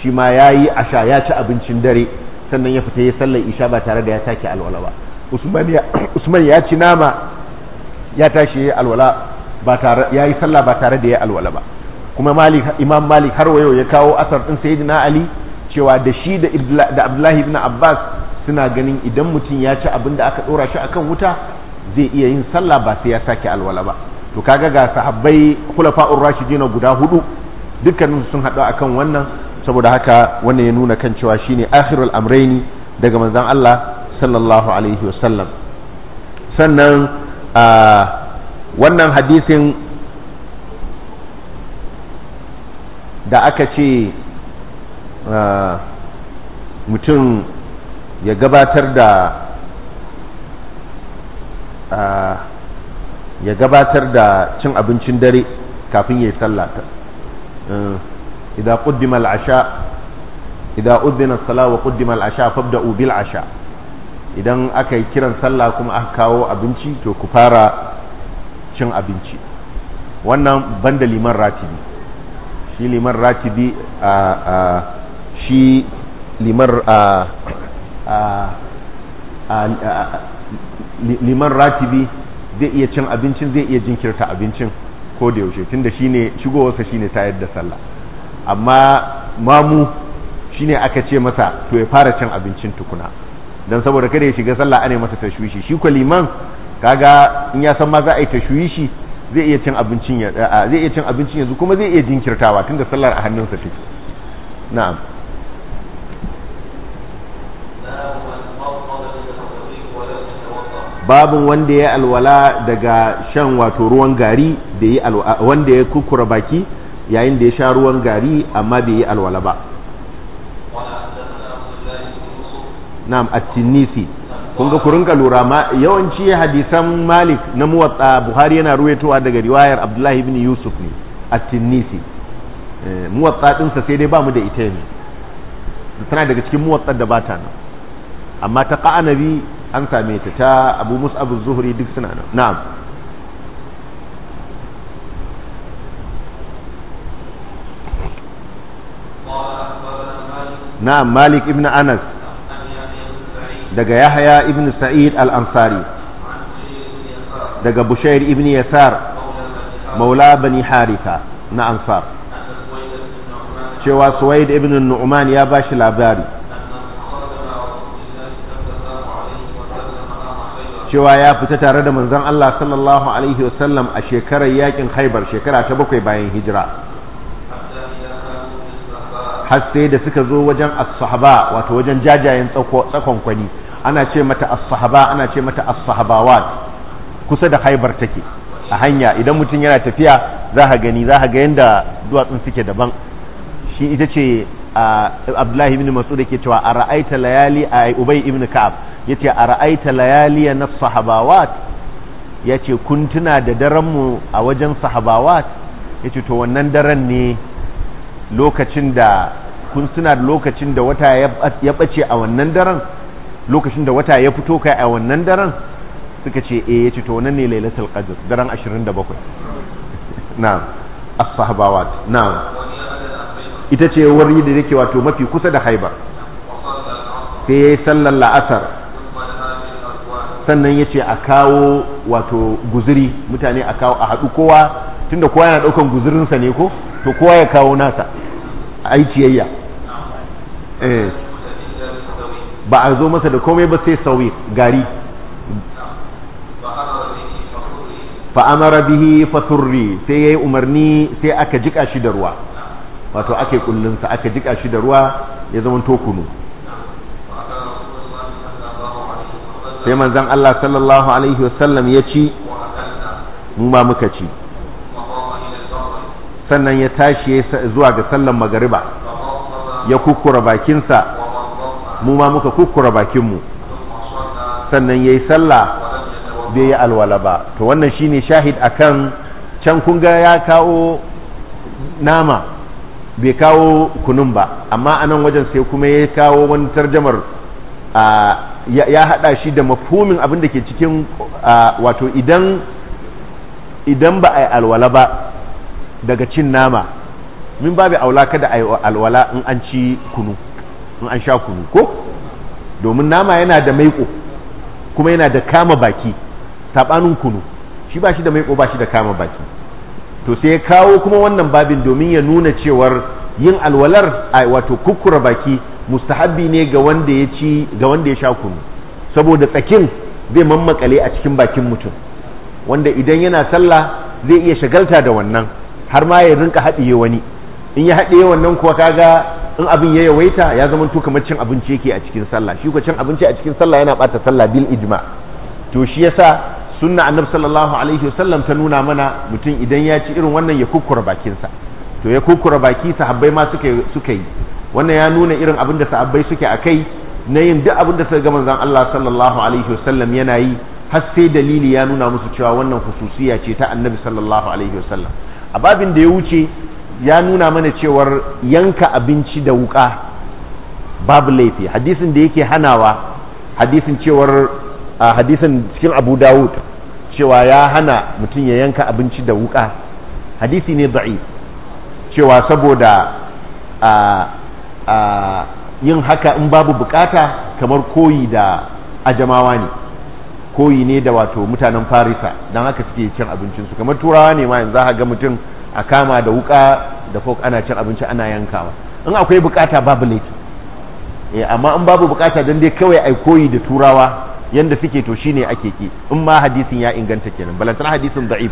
shi ma yi asha ya ci abincin dare sannan ya fita ya sallar isha ba tare da ya sake alwala ba usman ya ci nama ya tashi ya alwala ba tare ya yi sallah ba tare da ya alwala ba kuma malik imam malik har wayo ya kawo asar din sayyidina ali cewa da shi da abdullahi ibn abbas suna ganin idan mutum ya ci abin da aka dora shi akan wuta zai iya yin sallah ba sai ya sake alwala ba to kaga ga sahabbai khulafa'ur rashidin guda hudu dukkaninsu sun haɗu akan wannan saboda haka wannan ya nuna kan cewa shine akhirul amraini daga manzon Allah sallallahu alaihi wasallam sannan a wannan hadisin da aka ce mutum ya gabatar da ya gabatar da cin abincin dare kafin ya yi sallah eh, إذا قدم العشاء إذا أذن الصلاة asha, العشاء فابدأوا asha, idan aka yi kiran sallah kuma aka kawo abinci to ku fara cin abinci wannan banda liman ratibi shi liman ratibi a a shi limar a a a liman ratibi zai iya cin abincin zai iya jinkirta abincin ko da yaushe tunda shine shigowarsa shine ta da sallah amma mamu shine aka ce masa to ya fara cin abincin tukuna dan saboda kada ya shiga sallah ana masa tashwishi shi ko liman kaga in ya san ma za a yi tashwishi zai iya cin abincin ya zai iya cin abincin yanzu kuma zai iya jinkirtawa tunda sallar a hannunsa take na'am babin wanda ya alwala daga shan wato ruwan gari da yi wanda ya kukura baki yayin da ya sha ruwan gari amma bai yi alwala ba na'am at-tinisi kun ga kurin ka lura ma yawanci hadisan Malik na muwatta Buhari yana ruwaitowa daga riwayar Abdullahi ibn Yusuf ne at-tinisi eh, muwatta dinsa sai dai ba mu da ita yanzu tana daga cikin muwatta da bata nan amma ta qa'anabi an same ta ta Abu Mus'ab az-Zuhri duk suna na'am na'am malik ibn anas daga yahya ibn sa'id al-ansari daga bushair ibn yasar maula bani haritha na ansar cewa suwaid ibn nu'man ya ba shi labari cewa ya fita tare da manzon Allah sallallahu alaihi wasallam a shekarar yakin haibar shekara ta bakwai bayan hijira har sai da suka zo wajen as-sahaba wato wajen jajayen tsakon kwani ana ce mata as-sahaba ana ce mata as-sahabawat kusa da haibar take a hanya idan mutum yana tafiya za ka gani za ka ga yadda duwatsun suke daban shi ita ce abdullahi ibn mas'ud yake cewa a ra'aita layali a ubay ibn ka'ab yace a ra'aita layali na sahabawat yace kun tuna da daren mu a wajen sahabawat yace to wannan daren ne lokacin da kun suna lokacin da wata ya bace a wannan daren lokacin da wata ya fito kai a wannan daren suka ce eh yace to wannan ne lailatul qadr daren 27 na'am as-sahabawat na'am ita ce wari da yake wato mafi kusa da haibar sai yi sallar la'asar sannan yace a kawo wato guzuri mutane a kawo a haɗu kowa tunda kowa yana ɗaukan guzirinsa ne ko to kowa ya kawo nasa a yi ciyayya eh. ba a zo masa da komai ba sai sauyi gari fa'amara bihi faturri sai ya yi umarni sai aka jika shi da ruwa wato yi kullinsa aka jika shi da ruwa ya zama tokunu sai manzan Allah sallallahu Alaihi wasallam ya ci mu ma muka ci sannan ya tashi zuwa ga sallan magariba ya kukkura bakinsa mu ma muka kukkura bakinmu sannan ya yi sallah bai yi alwala ba to wannan shi ne shahid akan can kun ga ya kawo nama bai kawo kunun ba amma a nan wajen sai kuma ya kawo wani tarjamar ya hada shi da mafumin abin da ke cikin wato idan ba a yi alwala ba daga cin nama min babu aula kada ai alwala in an ci kunu in an sha kunu ko domin nama yana da maiƙo kuma yana da kama baki saɓanin kunu shi ba shi da maiƙo ba shi da kama baki to sai ya kawo kuma wannan babin domin ya nuna cewar yin alwalar wato kukkura baki mustahabbi ne ga wanda ya ci ga wanda ya sha kunu saboda tsakin zai mammakale a cikin bakin mutum wanda idan yana sallah zai iya shagalta da wannan har ma ya rinka haɗiye wani in ya haɗiye wannan kuwa kaga in abin ya yawaita ya zama to kamar cin abinci yake a cikin sallah shi ko cin abinci a cikin sallah yana bata sallah bil ijma to shi yasa sunna annabi sallallahu alaihi wasallam ta nuna mana mutum idan ya ci irin wannan ya kukkura bakinsa to ya kukkura baki sahabbai ma suka suka yi wannan ya nuna irin abin da sahabbai suke akai na yin duk abin da suka ga manzon Allah sallallahu alaihi wasallam yana yi har sai dalili ya nuna musu cewa wannan hususiya ce ta annabi sallallahu alaihi wasallam a babin da ya wuce ya nuna mana cewar yanka abinci da wuka babu laifi hadisin da yake hanawa hadisin cewar hadisin cikin abu dawud cewa ya hana mutum ya yanka abinci da wuka hadisi ne da'i cewa saboda yin haka in babu bukata kamar koyi da ajamawa ne koyi ne da wato mutanen farisa don haka suke cin abincinsu kamar turawa ne ma yanzu za ga mutum a kama da wuka da fok ana cin abinci ana yankawa in akwai bukata babu laifi eh, amma in babu bukata don dai kawai ai koyi da turawa yadda suke to shine ake ki in ma hadisin ya inganta kenan balantar hadisin da'if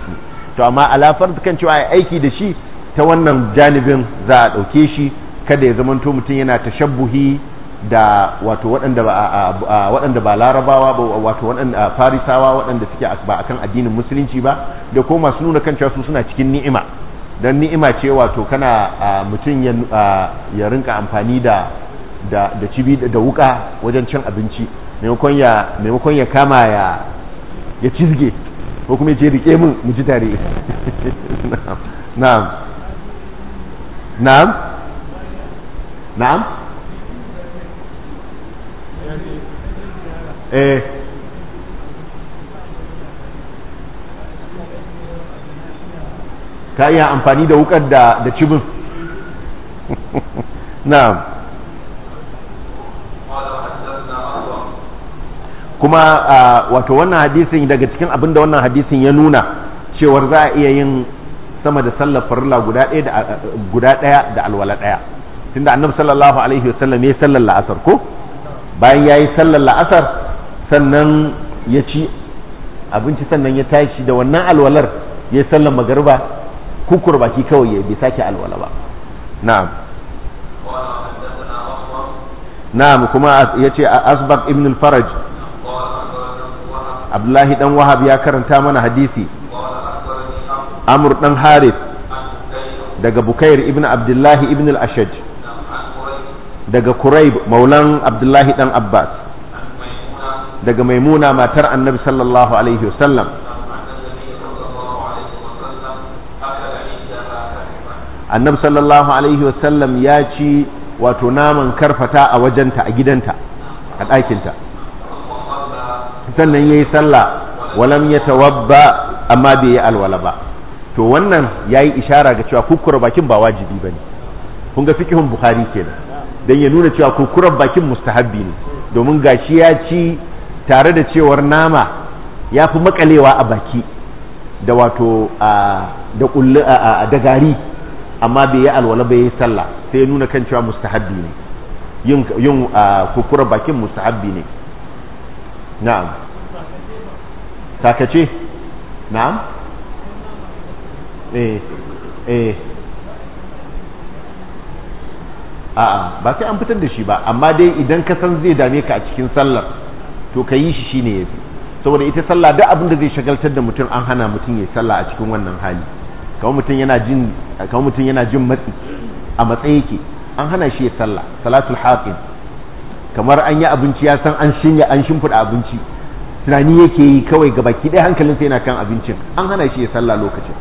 to amma alafar kan cewa ai aiki da shi ta wannan janibin za a ɗauke shi kada ya zamanto mutum yana tashabbuhi da wato waɗanda ba waɗanda ba larabawa ba wato waɗanda farisawa waɗanda suke ba akan addinin musulunci ba da ko masu nuna kan cewa su suna cikin ni'ima dan ni'ima ce wato kana mutum ya rinka amfani da da cibi da wuka wajen cin abinci maimakon ya maimakon ya kama ya ya cizge ko kuma ya ce rike mun mu ji tare na'am na'am na'am eh ka iya amfani da wukar da da cibin na'am kuma wato wannan hadisin daga cikin abin da wannan hadisin ya nuna cewar za a iya yin sama da sallar farilla guda ɗaya da alwala ɗaya tunda annabi sallallahu alaihi wasallam ya sallar la'asar ko bayan ya yi sallar la'asar sannan ya ci abinci sannan ya tashi da wannan alwalar ya sallan magarba kukur baki kawai ya bi sake alwala ba na'am na'am kuma ya ce a asbab ibn al-faraj abdullahi dan wahab ya karanta mana hadisi amr dan harith daga bukair ibn abdullahi ibn al-ashaj daga kuraib maulan abdullahi dan abbas daga maimuna matar annabi sallallahu alaihi wasallam annabi sallallahu alaihi wasallam ya ci wato naman karfata a wajenta a gidanta a ɗakinta sannan ya yi sallah walam ya tawabba amma bai yi alwala ba to wannan ya yi ishara ga cewa kukura bakin ba wajibi ba ne kun ga fikihun bukhari kenan don ya nuna cewa kukurar bakin mustahabbi ne domin gashi ya ci tare da cewar nama ya fi makalewa a baki da wato da gari amma bai yi alwala bai yi sallah sai nuna kan cewa mustahabbi ne yin kukura bakin mustahabbi ne na'am sakace na'am eh eh a'a ba sai an fitar da shi ba amma dai idan ka san zai dame ka a cikin sallar to ka yi shi shine fi saboda ita sallah duk abin da zai shagaltar da mutum an hana mutum ya sallah a cikin wannan hali kamar mutum yana jin kamar mutum yana jin matsi a matsayi yake an hana shi ya sallah salatul haqin kamar an yi abinci ya san an shinya an shimfiɗa abinci tunani yake yi kawai gabaki ɗaya hankalinsa yana kan abincin an hana shi ya sallah lokacin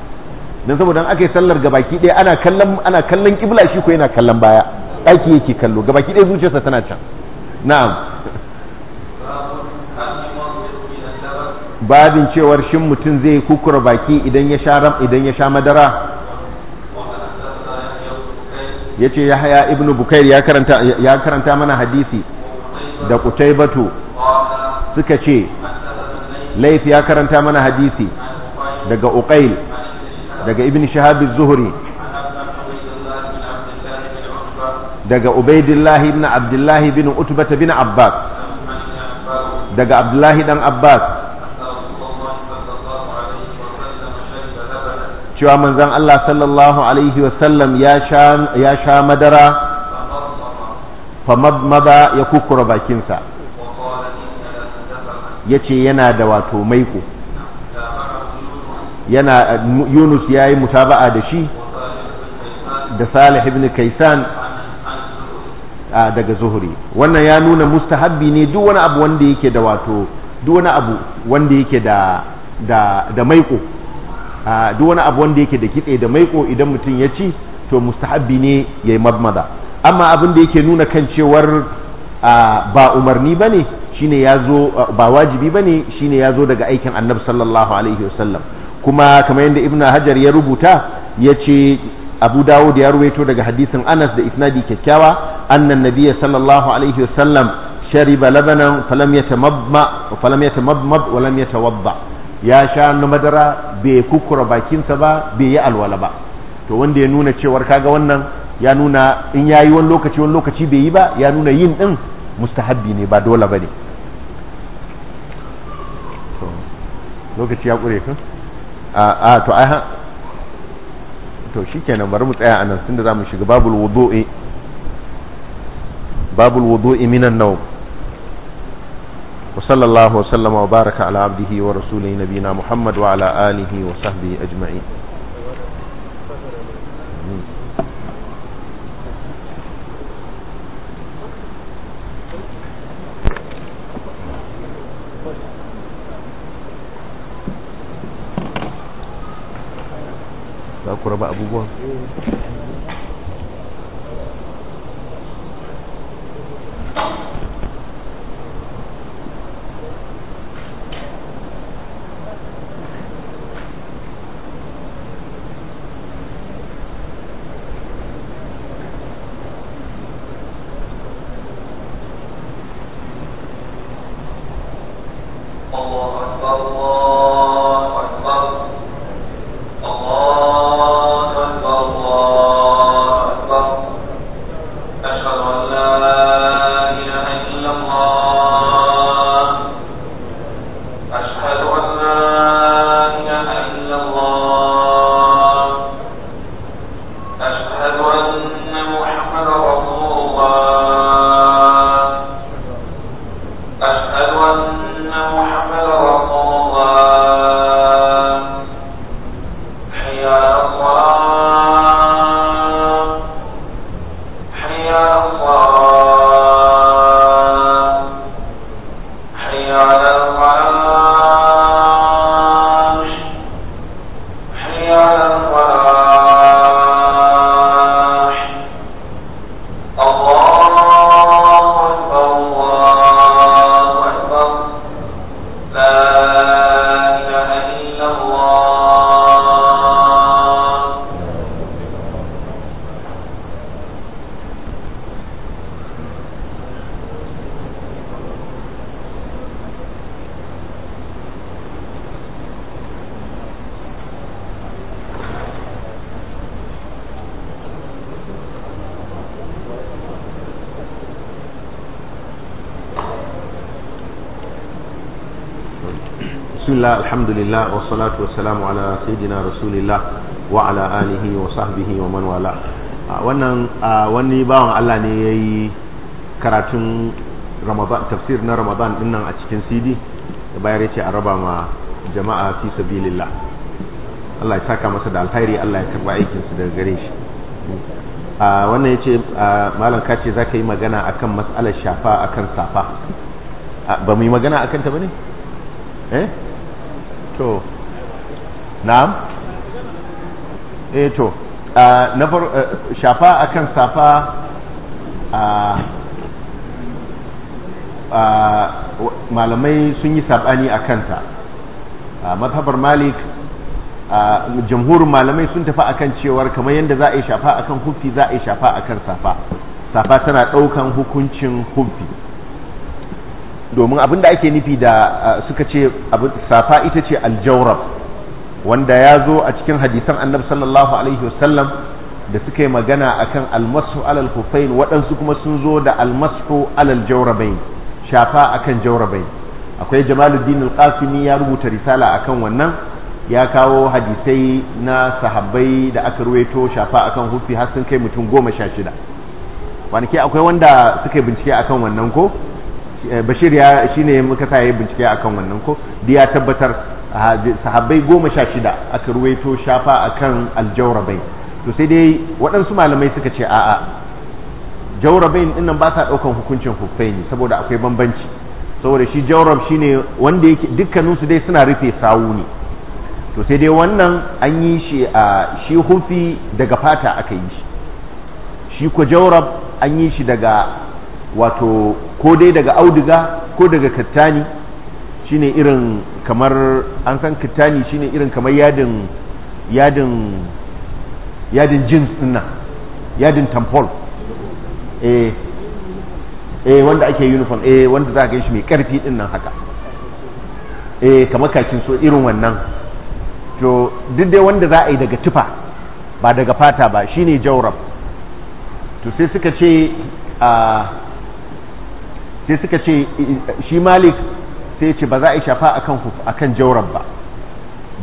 dan saboda aka yi sallar gabaki ɗaya ana kallon ana kallon kibla shi ko yana kallon baya ɗaki yake kallo gabaki ɗaya zuciyarsa tana can na'am babin cewar shin mutum zai kukura baki idan ya sha idan ya sha madara yace yahya ibnu bukair ya karanta ya karanta mana hadisi da kutaybatu suka ce laif ya karanta mana hadisi daga uqail daga ibn shahab az-zuhri daga ubaidillah ibn abdullah bin utbah bin abbas daga abdullahi dan abbas cewa manzan allah sallallahu alaihi wasallam ya sha madara famadmada ya kukura bakinsa ya ce yana da wato maiko yana yunus ya yi mutaba'a da shi da salih ibn kaisan daga zuhuri wannan ya nuna mustahabbi ne duk wani abu wanda yake da wato duk wani abu wanda yake da da da maiƙo duk wani abu wanda yake da kitse da maiƙo idan mutum ya ci to mustahabbi ne ya yi madmada amma abin da yake nuna kan cewar ba umarni ba ne shine ya zo ba wajibi ba ne shine ya zo daga aikin annabi sallallahu alaihi wasallam kuma kamar yadda ibnu hajar ya rubuta ya ce abu dawud ya ruwaito daga hadisin anas da isnadi kyakkyawa annan nabiyya sallallahu alaihi wasallam shariba labanan falam yatamabba falam yatamabbab wa lam yatawadda ya sha na madara bai kukura bakinsa ba bai yi alwala ba to wanda ya nuna cewar kaga wannan ya nuna in yayi wani lokaci wani lokaci bai yi ba ya nuna yin din mustahabbi ne ba dole bane lokaci ya kure ka a to ai to kenan bari mu tsaya anan tunda zamu shiga babul wudu'i babul wudu'i minan nau wa sallallahu wa sallama wa baraka ala abdihi wa rasulihi nabiyina muhammad wa ala alihi wa sahbihi ajma'in kerabat abu الله الحمد لله والصلاة والسلام على سيدنا رسول الله وعلى آله وصحبه ومن والاه wannan wani bawan Allah ne ya yi karatun tafsir na ramadan dinnan a cikin cd da bayar ya ce a raba ma jama'a fi sabilillah Allah ya saka masa da alkhairi Allah ya karba aikinsu daga gare shi wannan ya ce malam ka ce za ka yi magana akan mas'alar shafa akan safa ba mu yi magana akan ta ba ne eh to na'am eh to ah, na eh, shafa akan safa ah, ah, malamai sun yi sabani a kanta mazhabar malik jamhurin malamai sun tafi akan cewar kamar yadda za a yi shafa akan hufi za a yi shafa akan safa safa tana ɗaukan hukuncin hufi domin abin da ake nufi da suka ce safa ita ce aljawrab wanda ya zo a cikin hadisan annabi sallallahu alaihi wasallam da suka yi magana akan almasu alal hufain waɗansu kuma sun zo da almasu alal jawrabain shafa akan jawrabain akwai jamaluddin alqasimi ya rubuta risala akan wannan ya kawo hadisai na sahabbai da aka ruwaito shafa akan hufi har sun kai mutum goma sha shida kwanaki akwai wanda suka yi bincike akan wannan ko Eh, bashir ya shine muka sa yi bincike akan wannan ko da ya tabbatar ah, sahabbai goma sha shida aka ruwaito shafa akan aljawrabai to sai dai waɗansu malamai suka ce a'a jawrabai ɗinnan nan ba sa ɗaukan hukuncin huffai ne saboda akwai bambanci saboda shi jawrab ne wanda yake dukkaninsu dai suna rufe sawu ne to sai dai wannan an yi shi a ah, shi hufi daga fata aka yi shi shi ko jawrab an yi shi daga wato ko dai daga auduga ko daga kattani shine irin kamar an san kattani shine irin kamar yadin yadin yadin jeans dinnan yadin tampol eh eh wanda ake uniform eh wanda za ka shi mai karfi dinnan haka eh kamar kakin so irin wannan to duk dai wanda za a yi daga tufa ba daga fata ba shine jawrab to sai suka ce a ah, sai suka ce shi malik sai ce ba za a yi shafa akan akan jauran ba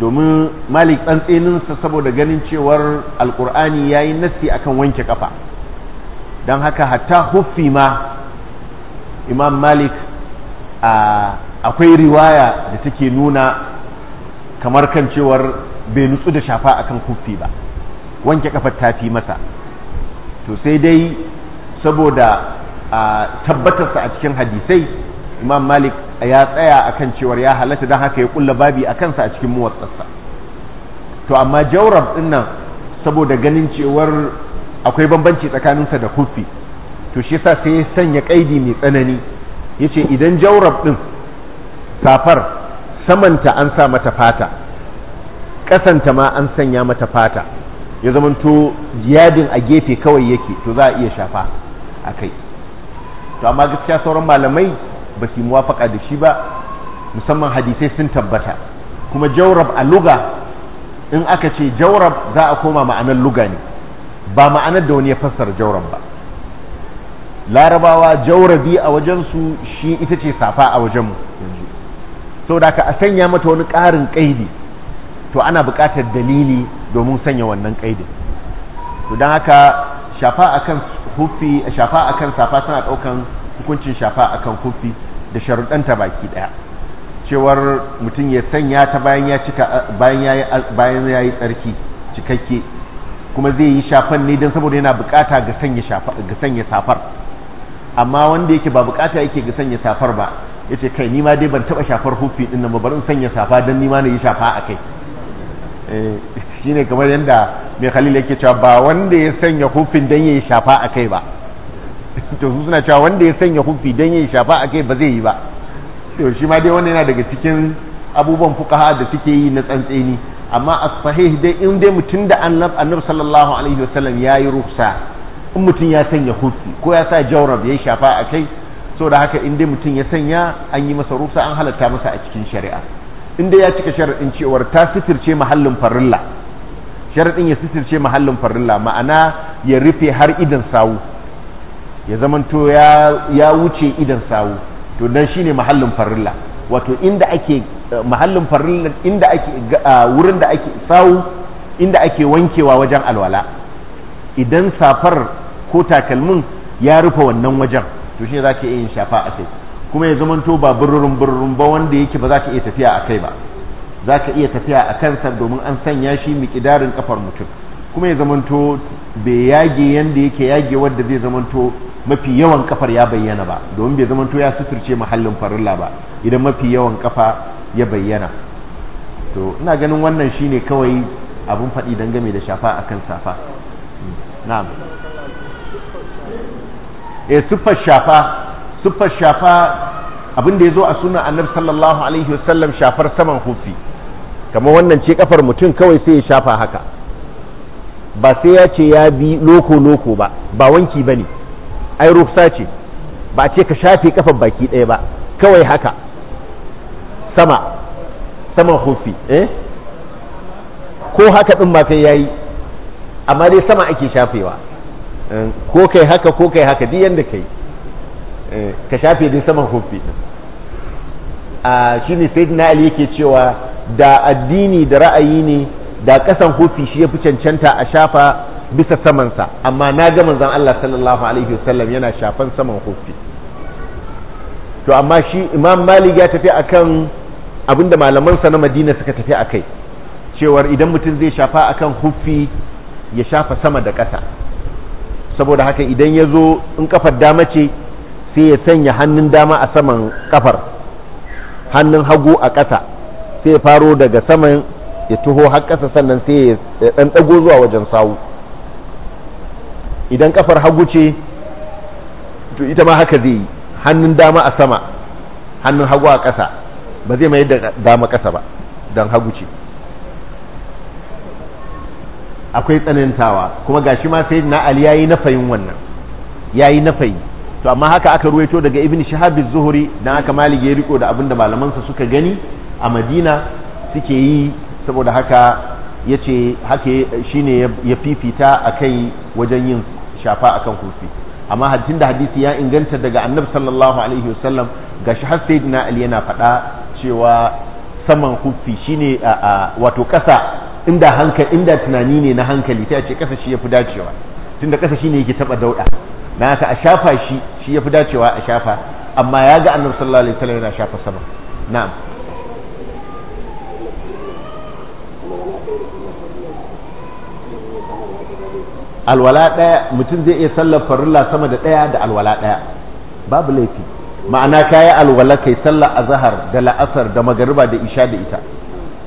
domin malik tsantseninsa saboda ganin cewar alkur'ani ya yi nassi akan wanke kafa don haka hatta huffi ma imam malik akwai riwaya da take nuna kamar kan cewar bai nutsu da shafa akan huffi ba wanke ƙafar ta fi masa to sai dai saboda a tabbatarsa a cikin hadisai imam malik ya tsaya akan cewar ya halatta don haka ya kulla babi a kansa a cikin muwatsarsa to amma jawrab din nan saboda ganin cewar akwai bambanci tsakaninsa da kufi to shi yasa sai ya sanya kaidi mai tsanani yace idan jawrab din safar samanta an sa mata fata kasanta ma an sanya mata fata ya zamanto jiyadin a gefe kawai yake to za a iya shafa a kai to amma gaskiya sauran malamai ba su muwafaka da shi ba musamman hadisai sun tabbata kuma jawrab a luga in aka ce jawrab za a koma ma'anar luga ne ba ma'anar da wani ya fassara jawrab ba larabawa jawrabi a wajensu shi ita ce safa a wajenmu yanzu saboda ka a sanya mata wani ƙarin ƙaidi to ana buƙatar dalili domin sanya wannan ƙaidin to don haka shafa akan hufi shafa a kan safa tana ɗaukan hukuncin shafa a kan hufi da sharuɗanta baki ɗaya cewar mutum ya sanya ta bayan ya cika bayan yi bayan yi tsarki cikakke kuma zai yi shafan ne don saboda yana bukata ga sanya shafa ga sanya safar amma wanda yake ba bukata yake ga sanya safar ba yace kai ni ma dai ban taba shafar hufi din nan ba bari in sanya safa don ni ma na yi shafa akai eh shine kamar yadda mai khalil yake cewa ba wanda ya sanya hufin dan yayi shafa a kai ba to su suna cewa wanda ya sanya hufi dan yayi shafa a kai ba zai yi ba to shi ma dai wanda yana daga cikin abubuwan fuqaha da suke yi na tsantseni amma as-sahih dai in dai mutun da annab sallallahu alaihi wasallam yayi ruksa in mutun ya sanya hufi ko ya sa jawrab yayi shafa a kai so da haka in dai mutun ya sanya an yi masa ruksa an halatta masa a cikin shari'a in dai ya cika sharaɗin cewar ta sitirce mahallin farilla sharaɗin ya sisirce mahallin farilla ma'ana ya rufe har idan sawu ya zamanto ya wuce idan sawu to shi shine mahallin farilla wato inda ake eh, mahallin farilla inda ake wurin da ake sawu inda ake wankewa wajen alwala idan safar ko takalmin ya rufe wannan wajen to shine ka iya yin shafa a kai kuma ya zamanto ba bururin bururin ba wanda yake ba za ka iya tafiya a kai ba za ka iya tafiya a kansa domin an sanya shi mikidarin kafar mutum kuma ya zamanto bai yage yadda yake yage wadda zai zamanto mafi yawan kafar ya bayyana ba domin bai zamanto ya suturce mahallin farilla ba idan mafi yawan kafa ya bayyana to ina ganin wannan shine kawai abun faɗi game da shafa akan safa na'am eh shafa shafa abin da ya zo a suna annabi sallallahu alaihi wasallam shafar saman hufi kamar wannan ce kafar mutum kawai sai ya shafa haka ba sai ya ce ya bi loko loko ba ba wanki ba ne ai rufsa ce ba ce ka shafe kafar baki ɗaya ba kawai haka sama saman hufi eh? ko haka ɗin ma sai ya yi amma dai sama ake shafewa eh, ko kai haka ko kai haka duk yadda kai eh, ka shafe dai saman hufi ɗin a ah, shi ne sai ali yake cewa da addini da ra'ayi ne da ƙasan hufi shi ya fi cancanta a shafa bisa samansa amma na ga manzon Allah sallallahu alaihi wasallam yana shafan saman hufi to amma shi imam malik ya tafi akan abinda malamansa na madina suka tafi a kai, cewar idan mutum zai shafa akan hufi ya shafa sama da ƙasa saboda haka idan ya zo in kafar dama ce sai ya sanya hannun dama a saman kafar hannun hagu a ƙasa sai faro daga saman ya taho har ƙasa sannan sai ya ɗan ɗago zuwa wajen sawu idan kafar hagu ce to ita ma haka zai yi hannun dama a sama hannun hagu a ƙasa ba zai mai da dama ƙasa ba don hagu ce akwai tsanantawa kuma gashi ma sai na ali yayi nafayin wannan yayi nafayi to amma haka aka ruwaito daga ibn shahab az-zuhri dan aka malige riko da abinda malaman sa suka gani a madina suke yi saboda haka yace haka shine ya fifita akai wajen yin shafa akan kufi amma hadin da hadisi ya inganta daga annabi sallallahu alaihi wasallam ga har sayyidina ali yana fada cewa saman kufi shine wato ƙasa inda hankali inda tunani ne na hankali ta ce ƙasa shi yafi dacewa tunda kasa shine yake taba dauda na haka a shafa shi shi ya fi dacewa a shafa amma ya ga annabi sallallahu alaihi wasallam yana shafa sama na'am alwala ɗaya mutum zai iya sallar farilla sama da ɗaya da alwala ɗaya babu laifi ma'ana kayi alwala kai sallar azhar da la'asar da magariba da isha da ita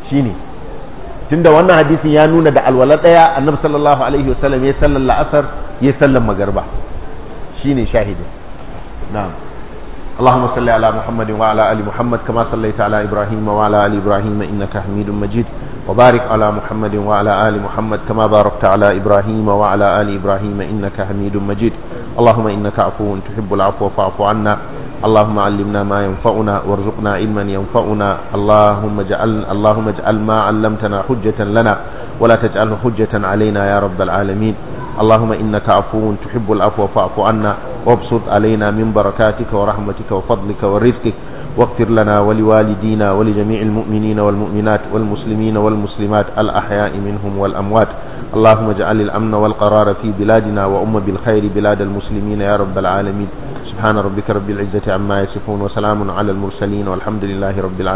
shine tunda wannan hadisin ya nuna da alwala ɗaya annabi sallallahu alaihi wasallam ya sallar la'asar ya sallar magariba shine shahidin na'am اللهم صل على محمد وعلى ال محمد كما صليت على ابراهيم وعلى ال ابراهيم انك حميد مجيد وبارك على محمد وعلى ال محمد كما باركت على ابراهيم وعلى ال ابراهيم انك حميد مجيد اللهم انك عفو تحب العفو فاعف عنا اللهم علمنا ما ينفعنا وارزقنا علما ينفعنا اللهم اجعل اللهم اجعل ما علمتنا حجة لنا ولا تجعله حجة علينا يا رب العالمين اللهم إنك عفو تحب العفو فاعف عنا وابسط علينا من بركاتك ورحمتك وفضلك ورزقك واغفر لنا ولوالدينا ولجميع المؤمنين والمؤمنات والمسلمين والمسلمات الأحياء منهم والأموات اللهم اجعل الأمن والقرار في بلادنا وأم بالخير بلاد المسلمين يا رب العالمين سبحان ربك رب العزة عما يصفون وسلام على المرسلين والحمد لله رب العالمين